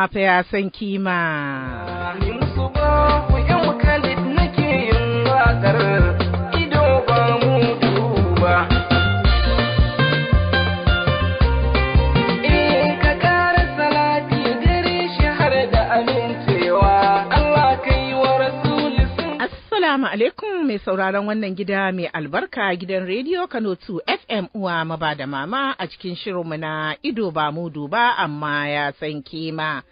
ma ya san kima. Ni musu ba ku yan nake yin waƙar. alaikum mai sauraron wannan gida mai albarka gidan rediyo Kano 2 FM uwa maba da mama a cikin shirinmu na ido ba mudu ba amma ya san kima.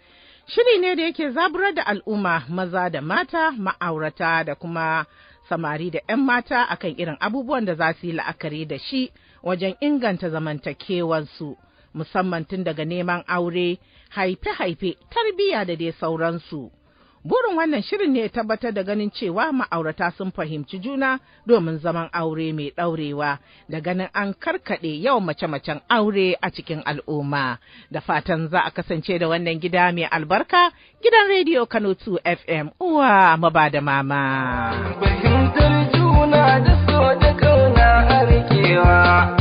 Shiri ne da yake zaburar da al'umma maza da mata ma'aurata da kuma samari da 'yan mata akan irin abubuwan da za su yi la'akari da shi wajen inganta zamantakewarsu musamman tun daga neman aure haife-haife tarbiyya da dai sauransu. Burin wannan shirin ne tabbatar da ganin cewa ma'aurata sun fahimci juna domin zaman aure mai ɗaurewa da ganin an karkaɗe yawan mace-macen aure a cikin al'umma. Da fatan za a kasance da wannan gida mai albarka gidan rediyo Kano 2 FM uwa maba da mama. Fahimtar juna da da kauna har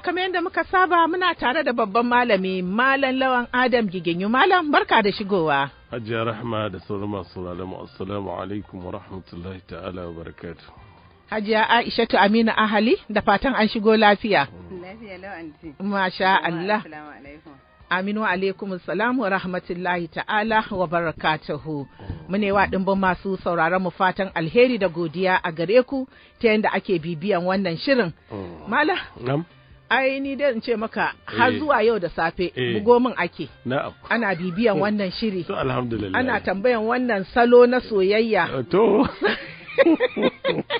kamar yadda muka saba muna tare da babban malami Malam Lawan Adam Giginyu. Malam barka da shigowa. Hajiya Rahma da sauran masu lalama. Assalamu alaikum wa rahmatullahi ta'ala wa barakatu. Hajiya Aishatu Aminu Ahali da fatan an shigo lafiya. Lafiya lawan Masha Allah. Aminu alaikum salam wa rahmatullahi ta'ala wa barakatuhu. Mune wa masu sauraron mu fatan alheri da godiya a gare ku ta yadda ake bibiyan wannan shirin. Mm. Mala, ai ni dai in ce maka har eh. zuwa yau da safe eh. bugo ake ana bibiyan wannan shiri ana tambayan wannan salo na soyayya eh, to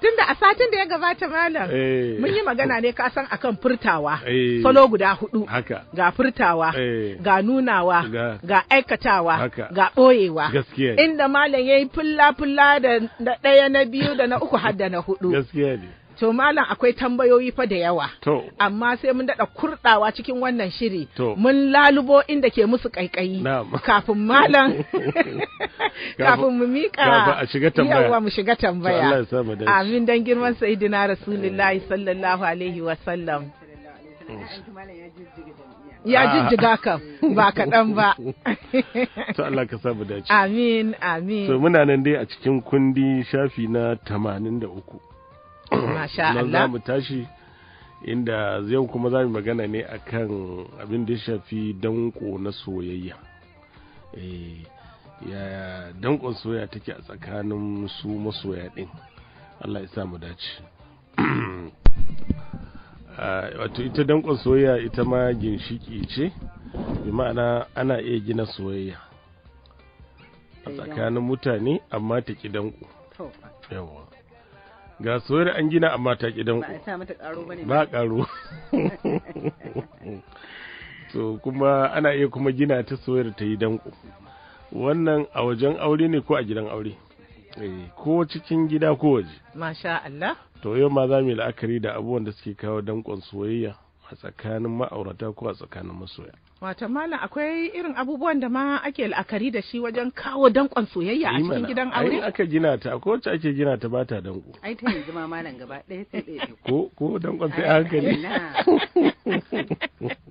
Tunda a satin da ya gabata malam mun yi magana ne ka san akan furtawa salo guda hudu ga furtawa ga nunawa ga aikatawa ga boyewa inda malam ya yi fulla fulla da ɗaya na biyu da na uku har da na hudu To malam akwai tambayoyi fa da yawa. To. Amma sai mun daɗa kurɗawa cikin wannan shiri. To. Mun lalubo inda ke musu ƙaiƙayi. Kafin malam. Kafin mu miƙa. Kafin a shiga tambaya. Yawwa mu shiga tambaya. Allah ya Amin dan girman Sayyidina Rasulullahi sallallahu alaihi wa sallam. ya ah. jijjiga ka. ba kaɗan ba. To Allah ka samu dace. Amin, amin. So muna nan dai a cikin kundi shafi na tamanin da uku. masha Allah za mu tashi inda yau kuma za mu magana ne akan abin da ya shafi danko na soyayya eh, ya dankon soya take a tsakanin su masoya din Allah ya mu dace ah, wato ita dankon soyayya ita ma ginshiki ce bi ma'ana ana iya gina soyayya a tsakanin mutane amma ta ki danko yawa ga soyar an gina amma ta kidan ba karo to kuma ana iya kuma gina ta soyar ta yi danko wannan a wajen aure ne ko a gidan aure eh, ko cikin gida ko waje masha Allah to yau ma za mu yi la'akari da abubuwan da suke kawo danƙon soyayya a tsakanin ma'aurata ko a tsakanin masoya Wata malam akwai irin abubuwan da ma ake la'akari da shi wajen kawo dankon soyayya a cikin gidan aure. Ai aka gina ta ko wacce ake gina ta ba ta danko. Ai ta yanzu ma malam gaba ɗaya sai ɗaya. Ko ko dankon sai a hankali.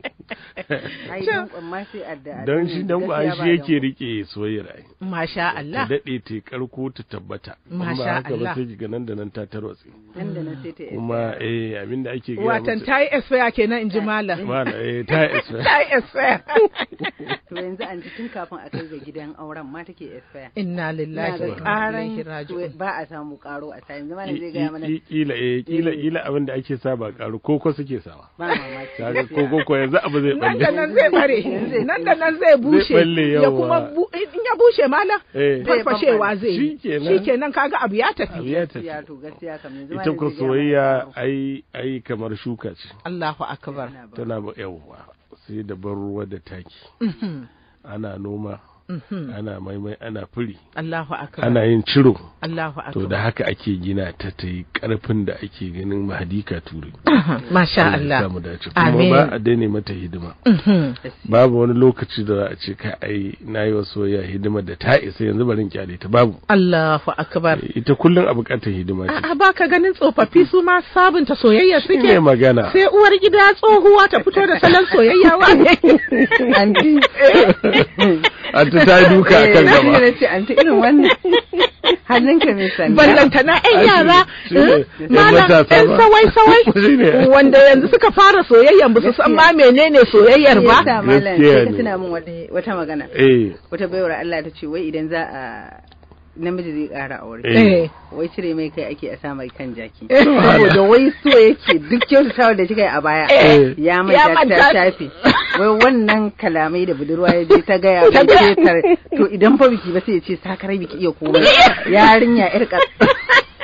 Ai dankon ma sai addu'a. Don shi dankon ai shi yake rike soyayyar ai. Masha Allah. Ta daɗe ta karko ta tabbata. Masha Allah. Kuma haka ba sai ga nan da nan ta tarwatse. Nan da nan sai ta Kuma eh abinda ake gina. Watan ta yi expire kenan in ji malam. Malam eh ta yi expire. Ta yi expire to yanzu an tun kafin a kai ga gidan auren ma take expire inna lillahi wa inna ilaihi raji'un ba a samu karo a sai yanzu malam zai ga mana kila eh kila kila eh. abin da ake sa ba karo ko suke sawa ba mamaki koko ko ko yanzu abu zai balle nan da nan zai bare nan da nan zai bushe ya kuma in ya bushe malam farfashewa eh. zai shikenan Shikenan kaga abu ya tafi abu ya tafi to gaskiya kamar yanzu ita ku soyayya ai ai kamar shuka ce Allahu akbar tana ba yawwa sai da ban ruwa da taki mm-hmm. ana noma Mhm. ana maimai ana furi ana yin ciro to da haka ake gina ta ta yi karfin da ake ganin mahadika ture mhm. masha Allah kuma ba a daina mata hidima mhm. babu wani lokaci da za a ce ka ai yi wa ya hidima da ta isa yanzu barin kyale ta babu Allahu akbar eh, ita kullum a bukatar hidima ce a baka ganin tsofaffi su ma sabunta soyayya suke ne magana sai uwar gida tsohuwa ta fito da salon soyayya wa Anta ta duka a kan eh, gaba Ina ce anti irin wannan hannunka mai sanya. ballanta na eh, eh, yan yara Mana ƴan sawai sawai wanda yanzu suka fara soyayyan ba su san ma menene soyayyar ba gaskiya ne tuna min wata magana wata baiwar Allah ta ce wai idan za a namiji zai ƙara aure. Eh. Wai cire mai kai ake a sa kan jaki. Eh, da wai so yake duk kyautatawa da kika yi a baya. Eh. Ya manta shafi. Wai wannan kalamai da budurwa ya je ta gaya mai ce to idan fa biki ba sai ya ce sakarai biki iya komai. Yarinya yar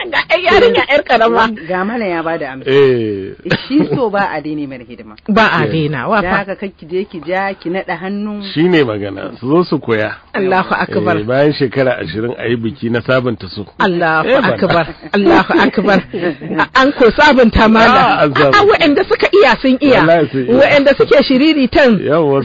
ga ai yarinya yar karama ga mana ya bada amsa eh shi so ba a daina mai hidima ba a daina wa fa haka ki je ki ja ki nada hannu shine magana su zo su koya Allahu akbar eh, bayan shekara 20 ayi biki na sabunta su Allahu eh, akbar Allahu akbar an ko sabunta malam a ah, waɗanda suka iya sun iya waɗanda suke shiriri tan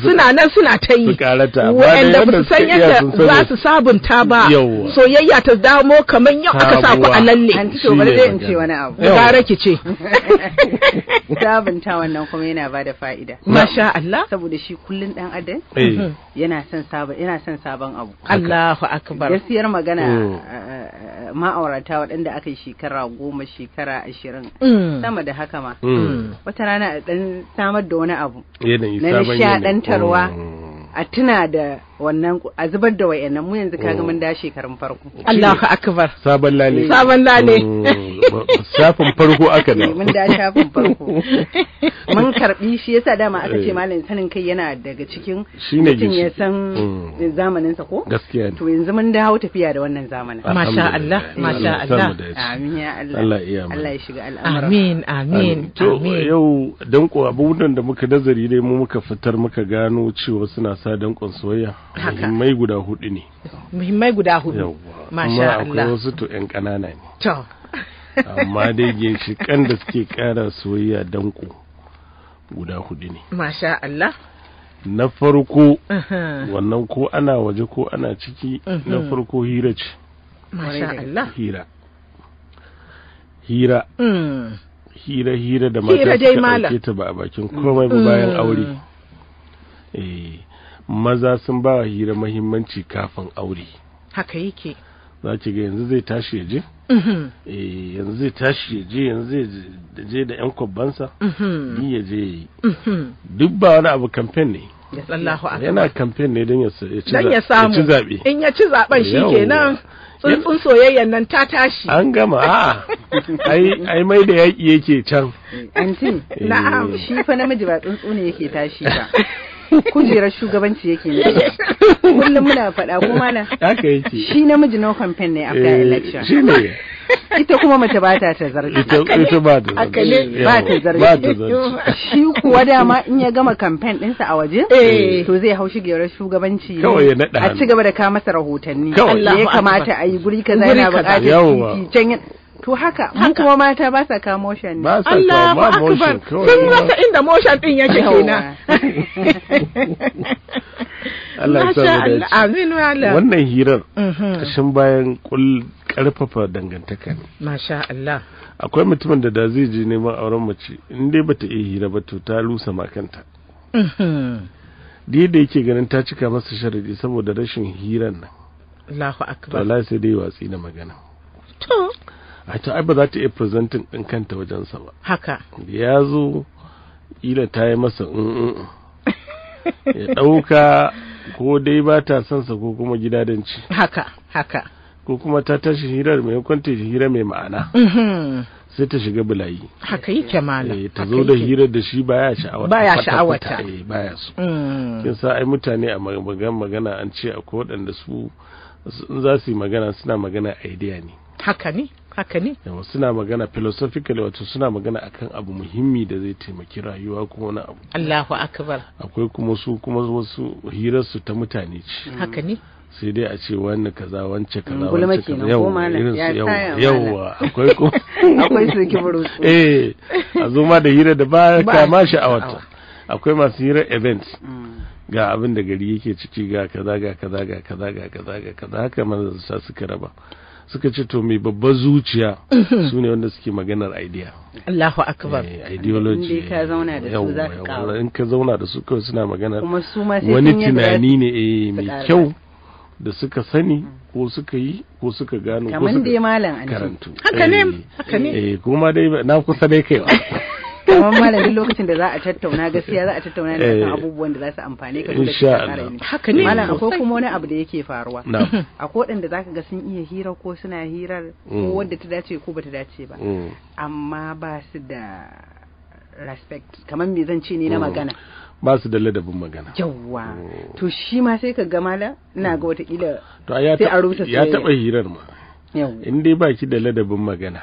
suna nan suna ta yi waɗanda ba su san yadda za su sabunta ba soyayya ta damo kamar yau aka sa ku a lalle ne to bari zai in ce wani abu gara ki ce sabunta wannan kuma yana bada fa'ida masha Allah saboda shi kullun dan adam eh. yana son sabon yana son sabon abu Allahu akbar gaskiyar magana mm. eh, eh, ma'aurata waɗanda aka yi shekara goma shekara ashirin mm. sama da haka ma mm. wata rana a dan samar da wani abu na nishadantarwa a tuna da wannan a zubar da wayannan mu yanzu ka ga mun oh. da shekarun farko Allahu akbar sabon lale sabon lale mm. shafin farko aka da mun da shafin farko mun karbi shi yasa dama aka ce eh. malamin sanin kai yana daga cikin mutum ya san mm. zamanin sa ko gaskiya to yanzu mun dawo tafiya da wannan zamanin masha Allah masha Allah amin ya Allah Allah Allah ya shiga al'amuran amin amin to yau danko abubuwan da muka nazari ne mu muka fitar muka gano cewa suna sa danƙon soyayya muhimmai guda hudu ne muhimmai guda hudu masha Allah akwai wasu to yan kanana ne amma dai kan da suke kara soyayya danko guda hudu ne masha Allah na farko wannan ko ana waje ko ana ciki na farko hira ce masha Allah hira hira mm. hira hira da mata suka ta ba a bakin komai mm. bayan aure mm. eh maza sun ba wa hira mahimmanci kafin aure haka yake za ki ga yanzu zai tashi ya je mm-hmm. eh, yanzu zai tashi ya je yanzu zai je da yan kwabbansa mm-hmm. ni ya je yi mm-hmm. duk ba wani abu kamfen ne yana kamfen ne don ya ci zaɓe in ya ci zaɓen shi kenan tsuntsun soyayyan nan ta tashi an gama a'a ai mai da yaƙi yake can eh. na'am shi fa namiji ba tsuntsu ne yake tashi ba kujerar shugabanci yake ne kullum muna faɗa ko mana shi namiji no campaign ne after eh, election shi ne ita kuma mace ba ta ta zargi ita ba ta zargi ba ta zargi shi kuwa dama in ya gama campaign ɗinsa a waje eh. to zai hau gerar shugabanci ne a ci gaba da ka masa rahotanni ya kamata a yi guri kaza yana buƙatar can To haka, mun kuma mata ba sa ka motion ne. Ba sa motion. Sun rasa inda motion ɗin yake kenan. Allah ya samu da Amin Allah. Wannan hirar kashin mhm. bayan kul karfafa dangantaka ne. Masha Allah. Akwai mutumin da da zai je neman auren mace in dai bata iya hira ba to ta lusa makanta. Mhm. Dai da yake ganin ta cika masa sharadi saboda rashin hirar nan. Allahu akbar. Wallahi sai dai watsi na magana. To. a can ai ba za ta iya presenting ɗin kanta wajensa ba haka ya zo ila ta yi masa ya ɗauka ko dai ba ta son sa ko kuma gidadanci haka haka ko kuma ta tashi hirar mai kwanta hira mai ma'ana mm-hmm. sai ta shiga bulayi haka yi yake malam eh, ta zo da hirar da shi baya sha'awa baya sha'awa ta eh, baya su mm. kin sa ai mutane a magana magana an ce akwai waɗanda su in za su yi magana suna magana idea ne haka ne haka ne suna magana philosophical wato suna magana akan abu muhimmi da zai taimaki rayuwa kuma wani abu Allahu akbar akwai kuma su kuma wasu hirarsu ta mutane ce mm. haka ne sai dai a ce wani kaza wance kaza mm, wance kaza yawa irin su akwai ko akwai su kibaro eh a zo ma da hira da ba kama wata akwai masu hira event mm. ga abin da gari yake ciki ga kaza ga kaza ga kaza ga kaza ga kaza haka manzansa suka raba suka ce to mai babbar zuciya mhm. su ne wanda suke maganar idea Allahu akbar eh, ideology ka zauna da su za ka kawo in ka zauna da su kawai suna maganar wani tunani ne eh mai kyau da suka sani mm. ko suka yi ko suka gano ko suka karantu haka ne eh, haka ne eh kuma dai na kusa dai kaiwa malam duk lokacin da za a tattauna gaskiya za a tattauna ne kan eh. abubuwan da za su amfane ka dole ka haka ne malam akwai kuma wani abu da yake faruwa akwai waɗanda zaka ga sun iya hira ko suna hirar ko mm. wanda ta dace ko bata dace ba mm. amma ba su da respect kamar me zan ce ne na mm. magana ba su da ladabin magana yawwa to shi ma sai ka ga malam ina ga wataƙila. sai a rubuta ya taɓa hirar ma in dai baki da ladabin magana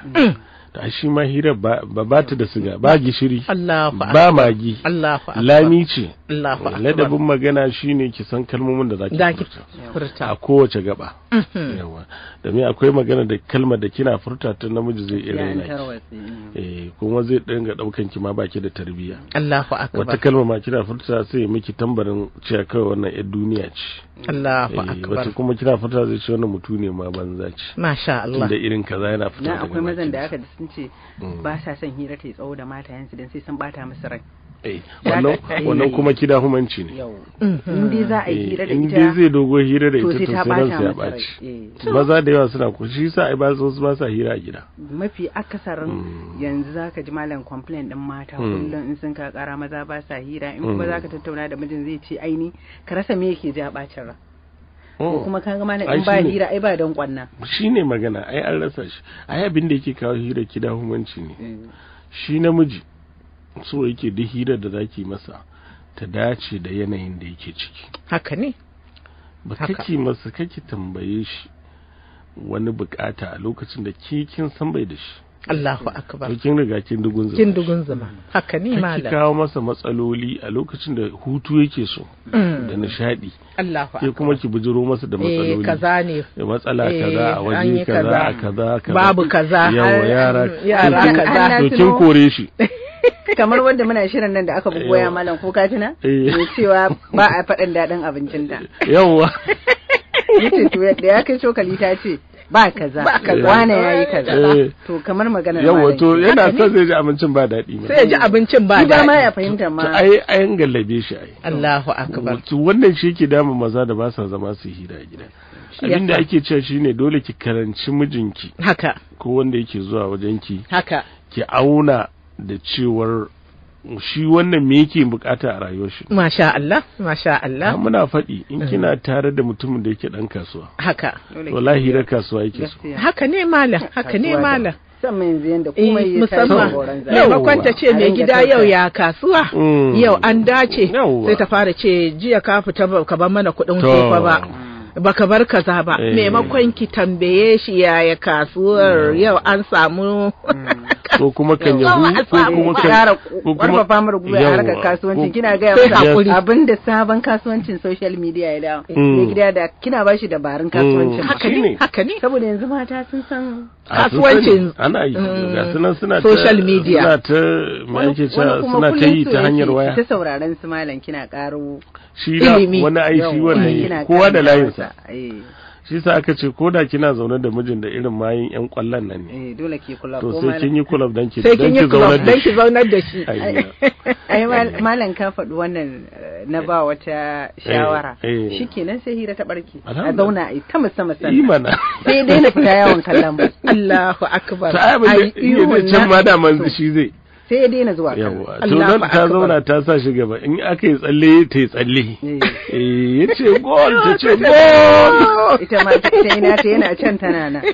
a shi ma hira ba ba ta da siga ba gishiri ba magi lami ce ladabin magana shine ki san kalmomin da za ki furta a kowace gaba mhm. yawa domin akwai magana da kalmar da kina furta ta namiji zai iya raina eh kuma zai dinga daukan ki ma baki da tarbiya wata kalma ma kina furta sai miki tambarin cewa kai wannan yar duniya ce eh, wata kuma kina furta zai ce wannan mutu ne ma banza ce masha Allah irin kaza yana fita akwai mazan da aka ce mm. ba sa son hira ta tsawo da matayensu don sai sun bata musu rai eh, wannan eh. kuma kida humanci ne mm-hmm. in zai dogon eh, hira da ita in zai dogo hira da ita to sai ya baci maza da yawa suna ku shi sa ai ba su ba sa hira a gida mafi akasarin mm. yanzu zaka ji malam complain din mata mm. kullum in sun ka kara maza ba sa hira in kuma zaka tattauna da mijin zai ce aini ka rasa me yake ji a bacin ran ko oh. kuma kaga gama in ba hira ai ba dan kwanna shine magana ai an rasa shi ai abin da yake kawo hira kida humanci ne eh. shi namiji so yake da hira da zaki masa ta dace da yanayin da yake ciki haka ne ba kake masa kake tambaye shi wani bukata a lokacin da ke kin san bai da shi Allahu akbar kin riga kin dugun zuma kin dugun zuma haka ni malam Kin kawo masa matsaloli a lokacin da hutu yake so mm. da nishadi Allahu akbar kuma ki bujiro masa da eh, matsaloli eh, eh kaza ne matsala kaza a waje kaza a kaza kaza babu kaza yara yara kaza to kin kore shi kamar wanda muna shirin nan da aka bugu eh, waya malam ko tuna. ne cewa ba a faɗin daɗin abincin da yawwa yace to da ya kai cokali ta ce ba kaza ba kaza wane yayi kaza eh. to kamar maganar yawa wato yana son zai ji abincin ba daɗi ne. sai ya ji abincin ba daɗi ba ma ya fahimta ma ai ai an gallabe shi ai Allahu akbar to wannan shi yake damu maza da ba sa zama su hira gida abin da ake cewa shine dole ki karanci mijinki haka ko wanda yake zuwa wajenki haka ki auna da cewar shi wannan me yake bukata a rayuwar shi masha Allah masha Allah muna faɗi in mm. kina tare da mutumin da yake dan kasuwa haka wallahi da kasuwa yake so haka ne malam haka ne malam eh, musamman yau kwanta ce mai gida yau ya kasuwa mm. yau an dace sai ta fara ce jiya ka fita ka ban mana kuɗin kofa ba baka bar kaza ba eh. maimakon ki tambaye shi yaya kasuwar yau an samu hmm. ko kuma kan yahu ko kuma kan ko kuma da mu rubuta harkar kasuwanci kina ga yawa abinda sabon kasuwancin social media ya dawo ne hmm. gida da kina ba shi dabarun kasuwancin hmm. haka ne haka ne saboda yanzu mata sun san ah, kasuwancin ana yi ga sunan suna social media suna ta mai ce suna ta yi ta hanyar waya ta sauraron su malam kina karo shi da wani ai shi wannan kowa da layinsa eh. shi sa aka ce ko da kina zaune da mijin da irin mayin yan kwallon nan ne eh, dole ki to sai kin yi kulab dan ki zaunar da shi zaunar da shi ai malam ka faɗi wannan eh, na ba wata shawara shikenan sai hira ta barki a zauna yi ta musamman imana sai dai na fita yawon kallon Allahu akbar ai irin can ma da man shi zai sai ya daina zuwa kan Allah ta zauna ta sa shi gaba in aka yi tsalle ta yi tsalle eh. Eh, ya ce gol ta ce gol ita ma ta ina ta yana can tana na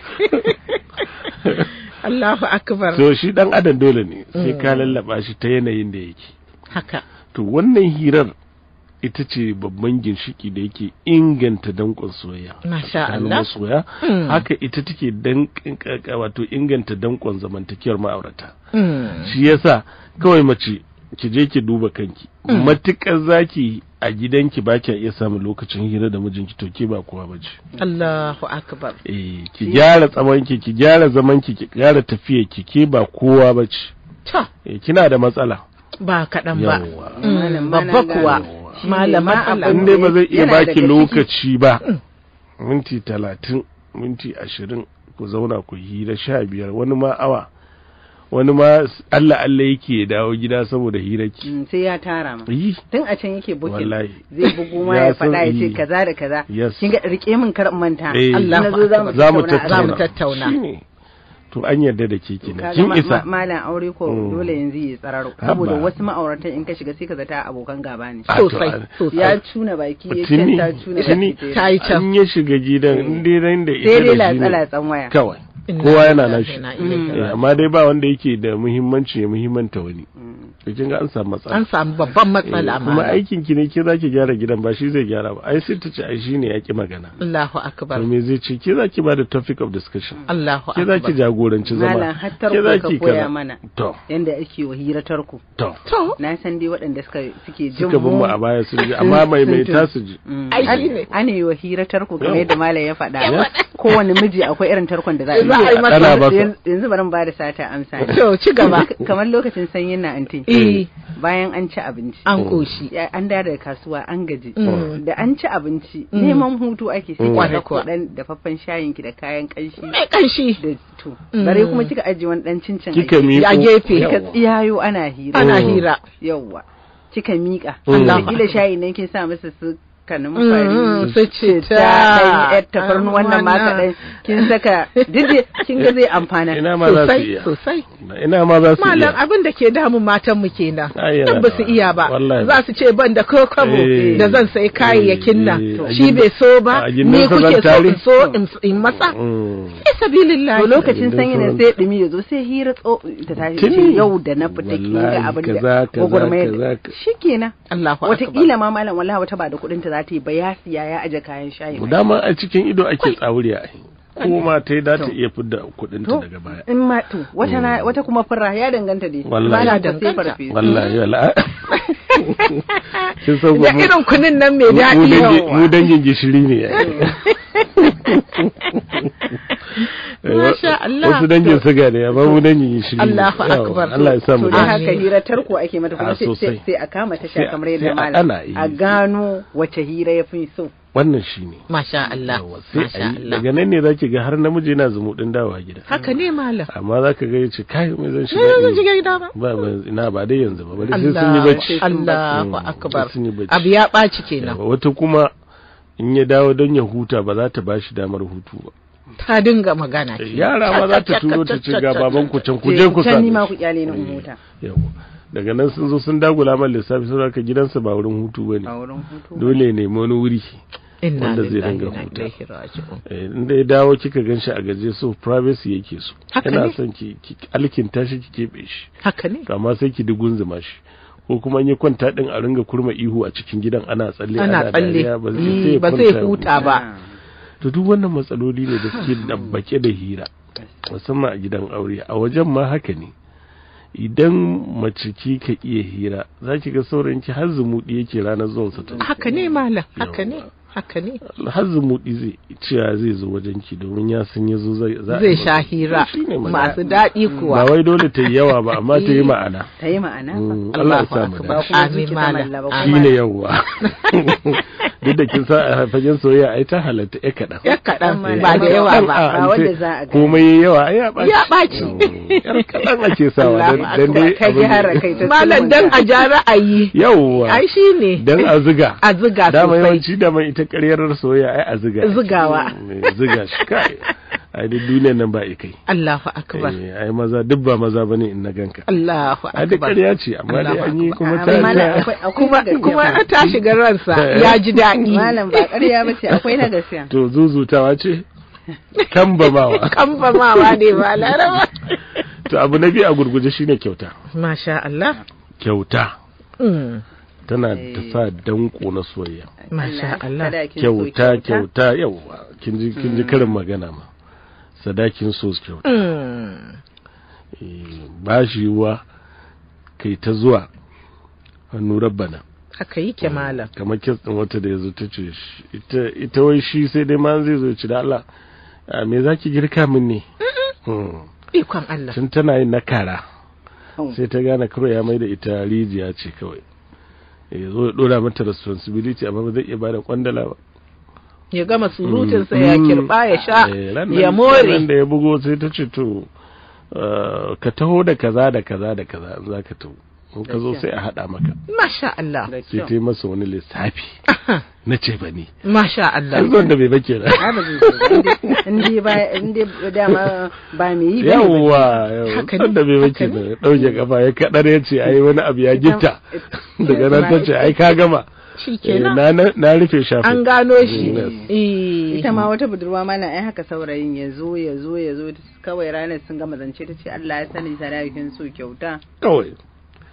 Allahu akbar to shi dan adam dole ne sai mm. ka lallaba shi ta yanayin da yake haka to wannan hirar ita ce babban ginshiki da yake inganta dankon soya. masha Allah soya. Mm. haka ita take dan wato inganta dankon zamantakewar ma'aurata Mm. shi yasa kawai mace ki je ki duba kanki mm. matukar zaki a gidanki ba ki iya samun lokacin hira da mijinki to ke ba kowa ba ce Allahu akbar eh ki gyara tsawonki ki gyara zamanki ki gyara tafiyarki ke ba kowa ba ce eh kina da matsala ba kaɗan ba mm, babba kuwa malama abin ne ba zai iya baki lokaci ba minti talatin minti ashirin ku zauna ku hira sha biyar wani ma awa wani ma Allah Allah yake dawo gida saboda hiraki mm, sai ya tara ma tun a can yake bukin zai bugu ma ya faɗa ya ce kaza da kaza kin ga rike min kar manta Allah eh. za mu tattauna to an yarda da ke kenan kin isa malam aure ko mm. dole yanzu ya tsararo saboda wasu ma'auratan in ka shiga sai ka zata abokan gaba ne sosai ya cuna baki ya ce ta cuna ta yi can an ya shiga gidan in dai da ita da shi sai dai latsa latsan waya kawai kowa yana nashi mm. eh, amma dai ba wanda yake da muhimmanci ya muhimmanta wani kin ga an samu matsala an samu babban matsala amma eh, kuma aikin ki ne ki zaki gyara gidan ba shi zai gyara ba ai sai ta ce ai shine ya ki magana Allahu akbar to me zai ce ki zaki ba da topic of discussion Allahu akbar ki zaki jagoranci zama ki ka koya mana to yanda ake wa ku to to na san dai waɗanda suka suke jin mu suka a baya sun ji amma mai mai ta su ji mm. ai shine ana wa ku kamar yadda malam ya faɗa kowane miji akwai irin tarkon da za a yi yanzu bari mu ba da sata amsa to ci gaba kamar lokacin sanyin na anti Eh. bayan an ci abinci an koshi an da kasuwa an gaji mm. da an ci abinci mm. neman hutu ake sai mm. ki dauko dan dafaffen shayin ki da kayan kanshi mai kanshi da to bare kuma kika aje wani dan cincin a gefe ka tsiyayo ana hira ana hira yawa kika mika Allah kila shayin nan kin sa masa su kanumfari mm, mm, su ce ta ɗan tafarnuwan nan ma kaɗan kin saka didi kin ga zai amfana sosai sosai ina ma za su iya malam abin da ke damun matan mu kenan nan ba su iya ba za su ce ban da kokobo eh. da zan sai kayayyakin nan eh, eh. shi bai so ba ni kuke so in so in masa sai mm. sabilillah to lokacin sanyi ne sai dumi yazo sai hira tso ta tashi yau da na fita kin ga abin da gogurmai shikenan Allahu akbar wata kila ma malam wallahi wata ba da kuɗin ta za ta yi ba ya siya ya aje kayan shayi dama a cikin ido ake tsawuriya ko ma ta yi da ta iya fidda kuɗin ta daga baya in ma to wata hmm. kuma fura ya danganta dai wallahi da sai farfesu wallahi wallahi kin san da irin kunin nan mai daɗi yawa mu dangin gishiri ne Masha eh, Allah. Wasu dangin suga ne amma mu dangin gishiri. ne. Allah fa akbar. Allah ya sa mu. Dan haka hira tarko ake mata kuma ah, sai a kama ta sha kamar yadda malam. A gano wace hira ya fi so. wannan shi ne masha Allah masha Allah daga nan ne zaki ga har namiji yana zumuɗin dawa gida haka ne malam amma zaka ga yace kai mai zan shiga zan shiga gida ba ba ina ba dai yanzu ba hmm, bari sai sun yi bacci Allahu akbar abu ya ɓaci kenan wata kuma in ya dawo don ya huta ba za ta bashi damar hutu ba ta dinga magana yara ma za ta turo ta ce ga baban ku can ku je ku sani ma ku kyale ni huta yawa daga nan sun zo sun dagula man lissafi sun haka gidansa ba wurin hutu ba ne dole ne wani wuri wanda zai dinga hutu eh, inda ya dawo kika gan shi a gaje so privacy yake so yana son ki alkinta shi ki keɓe shi haka amma sai ki zuma shi ko kuma in ya kwanta din a ringa kurma ihu a cikin gidan ana tsalle ana tsalle ba zai eh, huta ba to duk wannan matsaloli ne da suke dabbake da hira musamman a gidan aure a wajen ma haka ne idan mace ki ka iya hira za ki ga ki har zumuɗi yake ranar zuwansa ta haka ne malam haka ne haka ne har zumuɗi zai cewa zai zo wajen ki domin ya san ya zo zai sha hira masu daɗi mm. kuwa ba wai dole ta yi yawa ba amma ta yi eh. ma'ana ta yi ma'ana mm. Allah ya sa mu amin malam shine yawa duk da kin sa a fagen soyayya ai ta halatta ya kaɗan ya kaɗan ba da yawa ba ba wanda za a ga komai yawa ai ya ɓaci ya ɓaci yar kaɗan ake sawa dan dai abin malam dan a ja ra'ayi yawa ai shine dan a zuga. a zuga sosai dama yawanci dama ita ita ƙaryarar soya ai a zuga zugawa eh, zuga shi kai ai duk duniyar nan ba kai Allahu akbar eh, ai maza duk ba maza bane in na ganka Allahu akbar ai duk ƙarya ce amma dai an yi kuma ta kuma kuma ta shiga ransa eh. ya ji daɗi malam ba ƙarya bace akwai na gaskiya to zuzutawa ce kambamawa kambamawa ne ba laraba to abu na biyu a gurguje shine kyauta masha Allah kyauta mm. tana da eh. sa danko na soyayya masha Allah kyauta kyauta Yau, kin ji kin ji mm. karin magana ma sadakin so kyauta mm. eh, ba shi wa kai ta zuwa hannu rabbana aka yi ke eh, malam kamar kes din wata da yazo ta ce ita ita wai shi sai dai ma zai zo ci da Allah me zaki girka min ne hmm. ikon Allah tun tana yin nakara oh. sai ta gane kawai ya mai da ita rijiya ce kawai ya zo ya dora mata responsibility amma ba zai iya bada kwandala ba ya gama mm, surutinsa ya mm, kirba ya sha eh, ya more da ya bugo sai ta ce to ah, ka taho da kaza da kaza da kaza za ka taho in ka zo sai a haɗa maka masha Allah sai ta yi masa wani lissafi na ce ba ni masha Allah an wanda da bai bake na inda ba inda dama ba mai yi ba yawa wanda bai bake na ɗauke kafa ya kaɗar ya ce ai wani abu ya gitta daga nan ta ce ai ka gama eh, na rufe shafin an gano shi eh. ita ma wata budurwa ma na ai haka saurayin ya zo ya zo ya zo kawai ranar sun gama zance ta ce Allah ya sani sarakin su kyauta kawai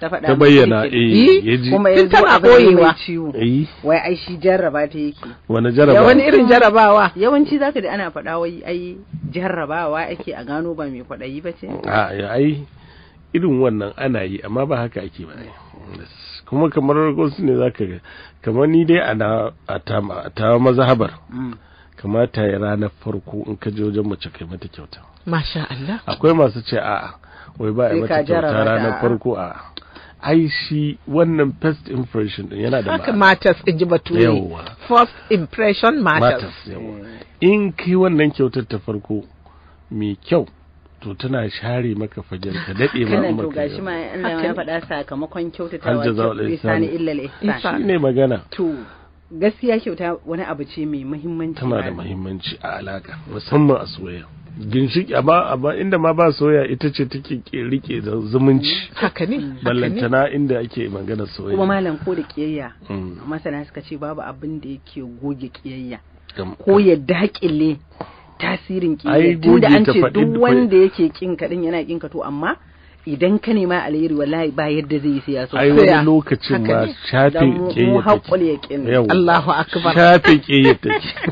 ta faɗa ta bayyana eh, eh kuma ya tana koyewa eh. wai ai shi jarraba ta yake wani jarraba wani irin jarrabawa yawanci zaka da ana faɗa wai ai jarrabawa ake a gano ba mai kwaɗayi ba ce a ai irin wannan ana yi amma ba haka ake ba kuma kamar wasu ne zaka ga kamar ni dai ana a ta mazhabar mm. kamata ya ranar farko in ka je wajen mace kai mata kyauta masha Allah akwai masu ce a'a wai ba a mata kyauta ranar farko a ai shi wannan first impression din yana da haka matters in ji bature first impression matters, matters in ki wannan kyautar ta farko mai kyau to tana share maka fagen Ka dade ma umar ka gashi ma Allah ya faɗa sakamakon kyautatawa lisani illa al-ihsan ne magana to gaskiya kyauta wani abu ce mai muhimmanci tana da muhimmanci a alaka musamman a soyayya ginshiki amma amma inda ma ba soya ita ce take rike da zumunci mm. haka ne ballantana inda ake magana soya kuma malam ko da kiyayya mm. masana suka ce babu abin da yake goge kiyayya ko ya dakile tasirin kiyayya tunda an ce duk wanda yake kin kadin yana kin ka to amma idan ka nema alheri wallahi ba yadda zai yi siyasa. ai wani lokacin ma shafe kiyaye Allahu akbar shafe kiyaye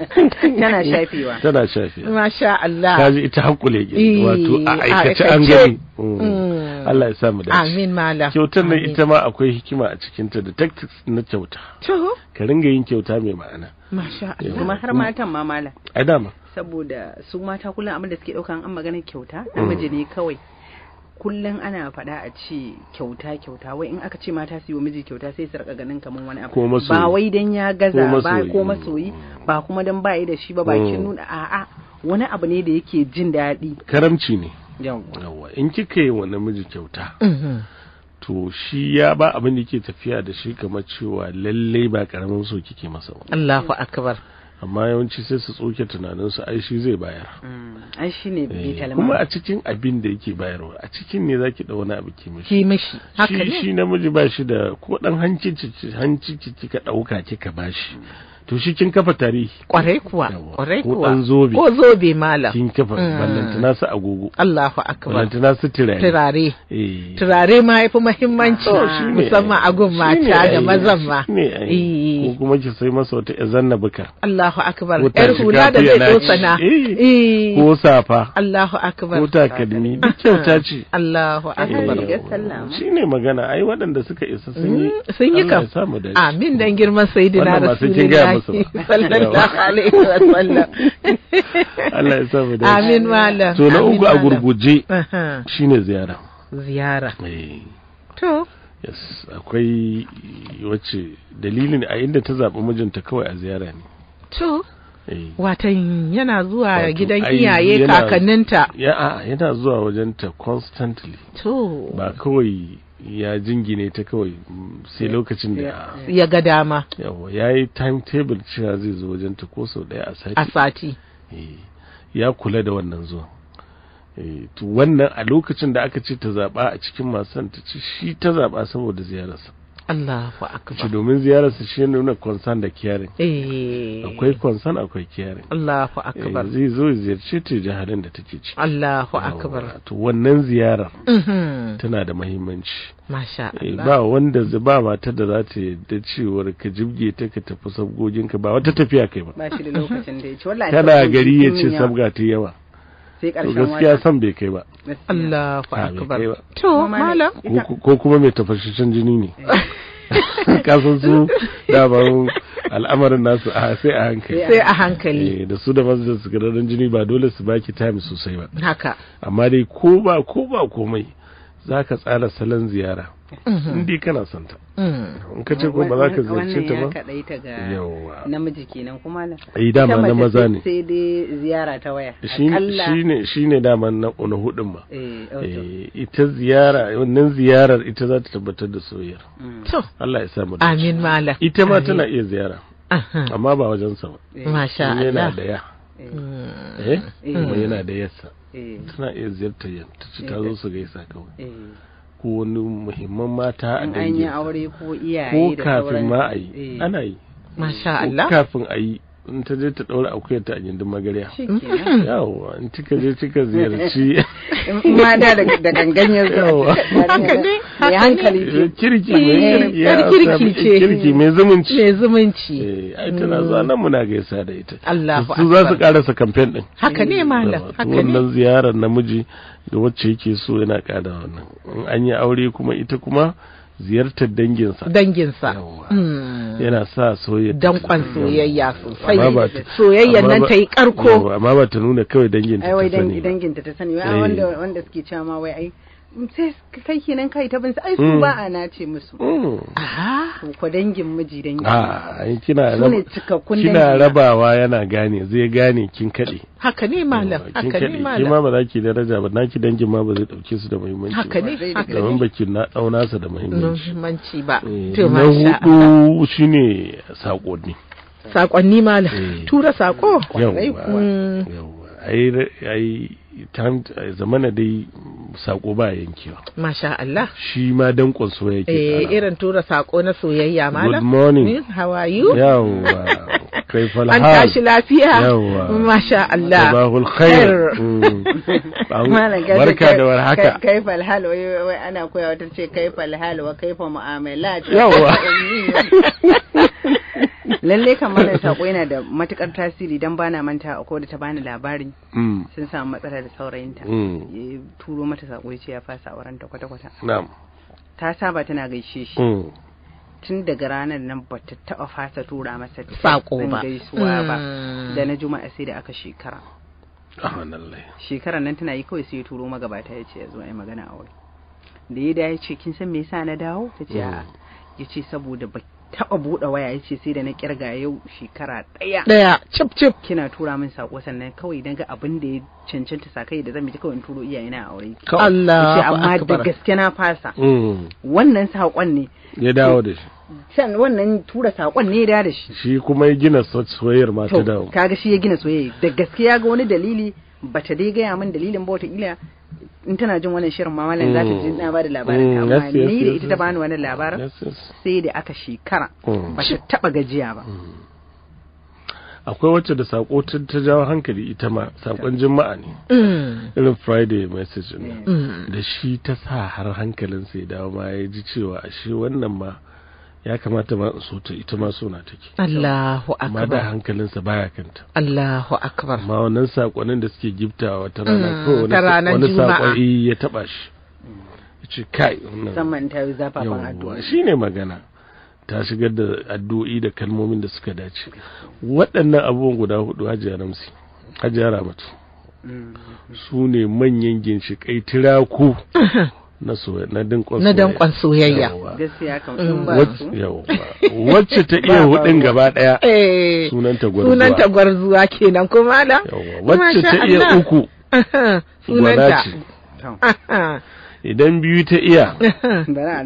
tana shafewa tana shafe masha Allah kaji ita hakule kiyaye eh, wato a aikace an gani mm. Allah ya sa mu dace amin mala kyautar nan ita ma akwai hikima a cikin ta da tactics na kyauta ka ringa yin kyauta mai ma'ana masha Allah kuma har matan ma mala a dama saboda su mata kullum abin da suke daukan an magana kyauta mm. namiji ne kawai kullum ana faɗa a ce kyauta kyauta wai in aka ce mata su yi miji kyauta sai su raka ganin kamar wani abu ba wai dan ya gaza ba ko masoyi ba kuma dan ba da shi ba bakin mm. nuna a'a wani abu ne da yake jin daɗi karamci ne yawa in kika yi wa miji kyauta mm-hmm. to shi ya ba abin da yake tafiya da shi kamar cewa lallai ba karamin so kike masa Allahu akbar amma yawanci sai su tsoke tunanin su ai zai bayar mm, ai ne eh, kuma a cikin abin da yake bayarwa a cikin ne zaki da wani abu ki mishi shi namiji ba shi da ko dan hanci hanci kika dauka kika bashi mm. to shi kin kafa tarihi kwarai kuwa kwarai kuwa ko dan zobe ko zobe malam kin kafa mm. ballantana su agogo Allahu akbar ballantana su turare turare eh turare ma yafi muhimmanci musamman a mata da mazan ma eh ko kuma ki sai masa wata zanna buka Allahu akbar yar hula da zai dosana eh ko safa Allahu akbar ko takalmi duk kyauta ce Allahu eh. akbar shine magana ai waɗanda suka isa sun yi mm, sun yi kam amin dan girman sayyidina rasulullahi musu ba sallallahu alaihi wa sallam Allah ya sa mu da amin malam to na uku a gurguje shine ziyara ziyara eh. to yes akwai wacce dalilin a inda ta zaɓi mijinta kawai a ziyara ne to eh. watan yana zuwa gidan iyaye kakanninta yana zuwa wajenta constantly to ba kawai ya jingine ta kawai sai lokacin da ya ga dama ya yi timetable cewa zai zo wajen ta ko sau daya a sati eh, ya kula da wannan zuwa. Eh, wannan a lokacin da aka ce ta zaba a cikin masu ta ce shi ta zaba saboda ziyararsa Allahu akbar domin ziyarar su shi nuna concern da caring eh akwai concern akwai caring Allahu eh, akbar zai zo ziyarce ta jaharin da take ci Allahu akbar to wannan ziyarar mhm. tana da muhimmanci masha eh, Allah ba wanda ba matar da za ta da cewar ka jibge ta ka tafi sabgogin ka ba wata tafiya kai ba ba shi da lokacin da ya ci wallahi kana gari ya ce sabga ta yawa sai karshen wata gaskiya san bai kai ba Allahu ah, akbar to malam ko kuma mai tafashashen jini ne eh. kasan su daban al'amarin nasu ah, sai a hankali sai a hankali eh, da su da masu da jini ba dole su baki time sosai ba haka amma dai ko ba ko ba komai zaka tsara salon ziyara Mhm. in dai kana son ta mhm. in ka ce ko ba za ka ziyarce ta ba yawa namiji kenan kuma na. eh dama na maza ne sai dai ziyara ta waya shine shine dama na na hudun ma eh, oh, eh ita ziyara wannan ziyarar ita za ta tabbatar da soyayyar mm. to Allah ya sa mu amin mala ita ma tana iya ziyara amma ba wajen sa ba eh. masha Allah yana da ya eh, eh? yana da yassa tana iya ziyartar ta ta zo su gaisa kawai ko wani muhimman mata a yi aure ko iyaye ko kafin ma a yi eh. ana yi masha Allah kafin a yi in ta je ta ɗaura akuyar ta a gindin magarya yawa in cika je kika ziyarci ma da da gangan ya zo hankali ne kirki ne eh, kirki ce kirki mai zumunci mai zumunci eh, ai tana zuwa nan muna gaisa da ita Allahu akbar su za su karasa campaign din haka ne malam haka ne wannan ziyarar namiji da wacce yake so yana kada wannan in an yi aure kuma ita kuma ziyartar danginsa danginsa hmm. yana sa soyayya dankon soyayya sosai soyayya nan ta yi karko amma ba ta nuna kawai danginta ta sani eh. wanda suke cewa ma wai ai sai kai kenan kai ta binsa ai su mm. ba a nace musu mm. aha ko dangin miji dangin ah, a ai kina kina rabawa yana gane zai gane kin kade haka ne malam haka ne malam kima ba za ki daraja ba ki dangin ma ba zai dauke su da muhimmanci haka ne haka ne domin baki na dauna su da muhimmanci ba eh, to masha Allah hudu shine sakonni sakonni malam eh. tura sako Yau. a yi zamana dai sako ba yankewa masha Allah shi ma dankon soyayya eh irin tura sako na soyayya malam good morning eh, how are you yawa mm. kaifal hal an tashi lafiya yawa masha Allah sabahul khair barka da warhaka fal hal wai ana koya wata ce kaifal hal wa fa mu'amala. yawa lalle kamar da sako yana da matukar tasiri don bana manta a da ta bani labari mm. sun samu matsala da saurayinta mm. ya turo mata sako ya ce ya fasa auren ta kwata-kwata ta saba tana gaishe shi mm. tun daga ranar nan ba ta taba fasa tura masa sako ba gaisuwa ba da na juma'a sai da aka shekara ah, shekarar nan tana yi kawai sai ya turo magabata ya ce ya zo ai magana aure da ya da ya ce kin san me yasa na dawo ta ce ya ce saboda baki taba buɗe waya ya ce sai da na kirga yau shekara ɗaya ɗaya cip cip kina tura min sako sannan kawai dan ga abin da ya cancanta sa kai da zan miji kawai in turo iyaye na aure Allah amma da gaske na fasa mm. wannan sakon ne ya dawo da shi can wannan tura sakon ne ya dawo da shi shi kuma ya gina soyayyar ma ta dawo kaga shi ya gina soyayya da gaske ya ga wani dalili bata dai gaya min dalilin ba wataƙila in tana jin wannan shirin ma malam za ta ji mm. na ba da labarin mm, ta amma ni da ita ta bani wannan labarin sai da aka shekara mm. ba ta taba gajiya ba akwai wacce da sako ta jawo hankali ita ma sakon juma'a ne irin friday message ne da shi ta sa har hankalin sai dawo ma ya ji cewa ashe wannan ma ya kamata ma so ta ita ma suna take Allahu akbar amma da hankalinsa baya kanta Allahu akbar amma wannan sakonin da suke giftawa ta rana mm, ko wani sakon eh, ya taba shi ce kai zaman ta yi zafafan addu'a shine magana ta shigar da addu'o'i da kalmomin da suka dace waɗannan abubuwan guda hudu hajiya ramsi hajiya ramatu mm. su ne manyan ginshiƙai tiraku na soyayya. na dinkon soyayya mm. wacce ta iya hudin gaba daya eh, sunanta gwarzuwa sunanta gwarzuwa kenan kuma da wacce ta iya uku sunanta idan biyu ta iya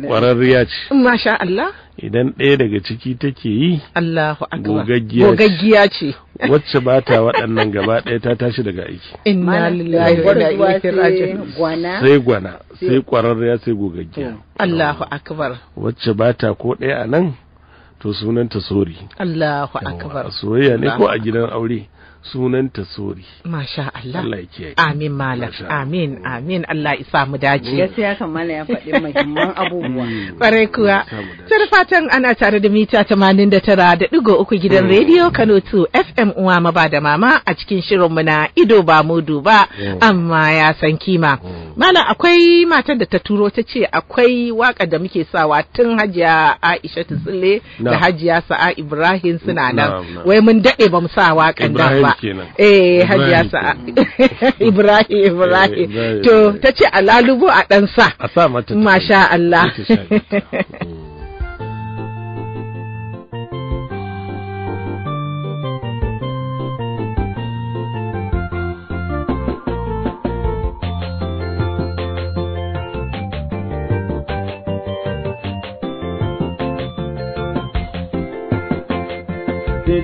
ƙwararriya ce masha Allah idan ɗaya daga ciki take yi Allahu akbar gogaggiya ce wacce ba ta waɗannan gaba ɗaya ta tashi daga aiki inna lillahi wa inna ilaihi raji'un sai gwana sai ƙwararriya sai gogaggiya Allahu akbar wacce ba ta ko ɗaya a nan to sunanta sori Allahu akbar soyayya ne ko a gidan aure sunanta sori masha Allah Allah ya amin malam amin amin Allah isa mu dace gaskiya kan malam ya faɗi muhimman mm. abubuwa kwarai kuwa sai fatan ana tare da mita tamanin da tara da ɗigo uku gidan mm. rediyo Kano 2 FM uwa maba da mama a cikin shirin mu na ido ba mu duba mm. amma ya san kima malam akwai matar da ta turo ta ce akwai waka da muke sawa tun Hajiya Aisha Tsille da Hajiya Sa'a Ibrahim suna nan wai mun daɗe ba mu sa waƙan nan ba eh hajiya sa'a eh, ibrahim ibrahim to ta ce a lalubo a dan sa a sa mata masha Allah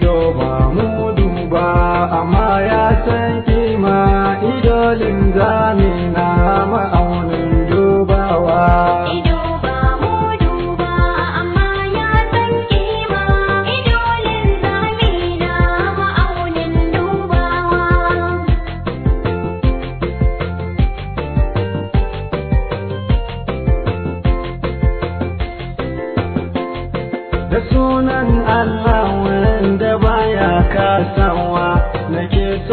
Oh, my.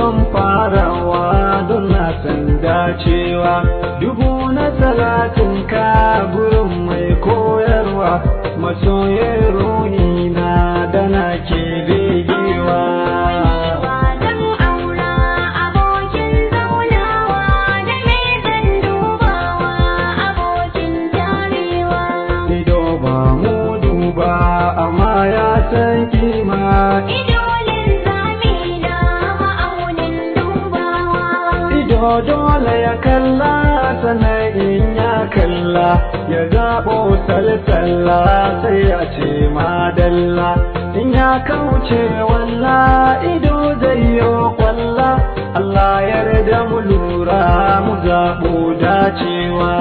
don farawa don na san dacewa dubu na talatin ka mai koyarwa masoyin ruhi ya zaɓo salsalla sai a ce madalla in ya kauce walla ido zai yi kwalla Allah yarda mu lura mu zaɓo dacewa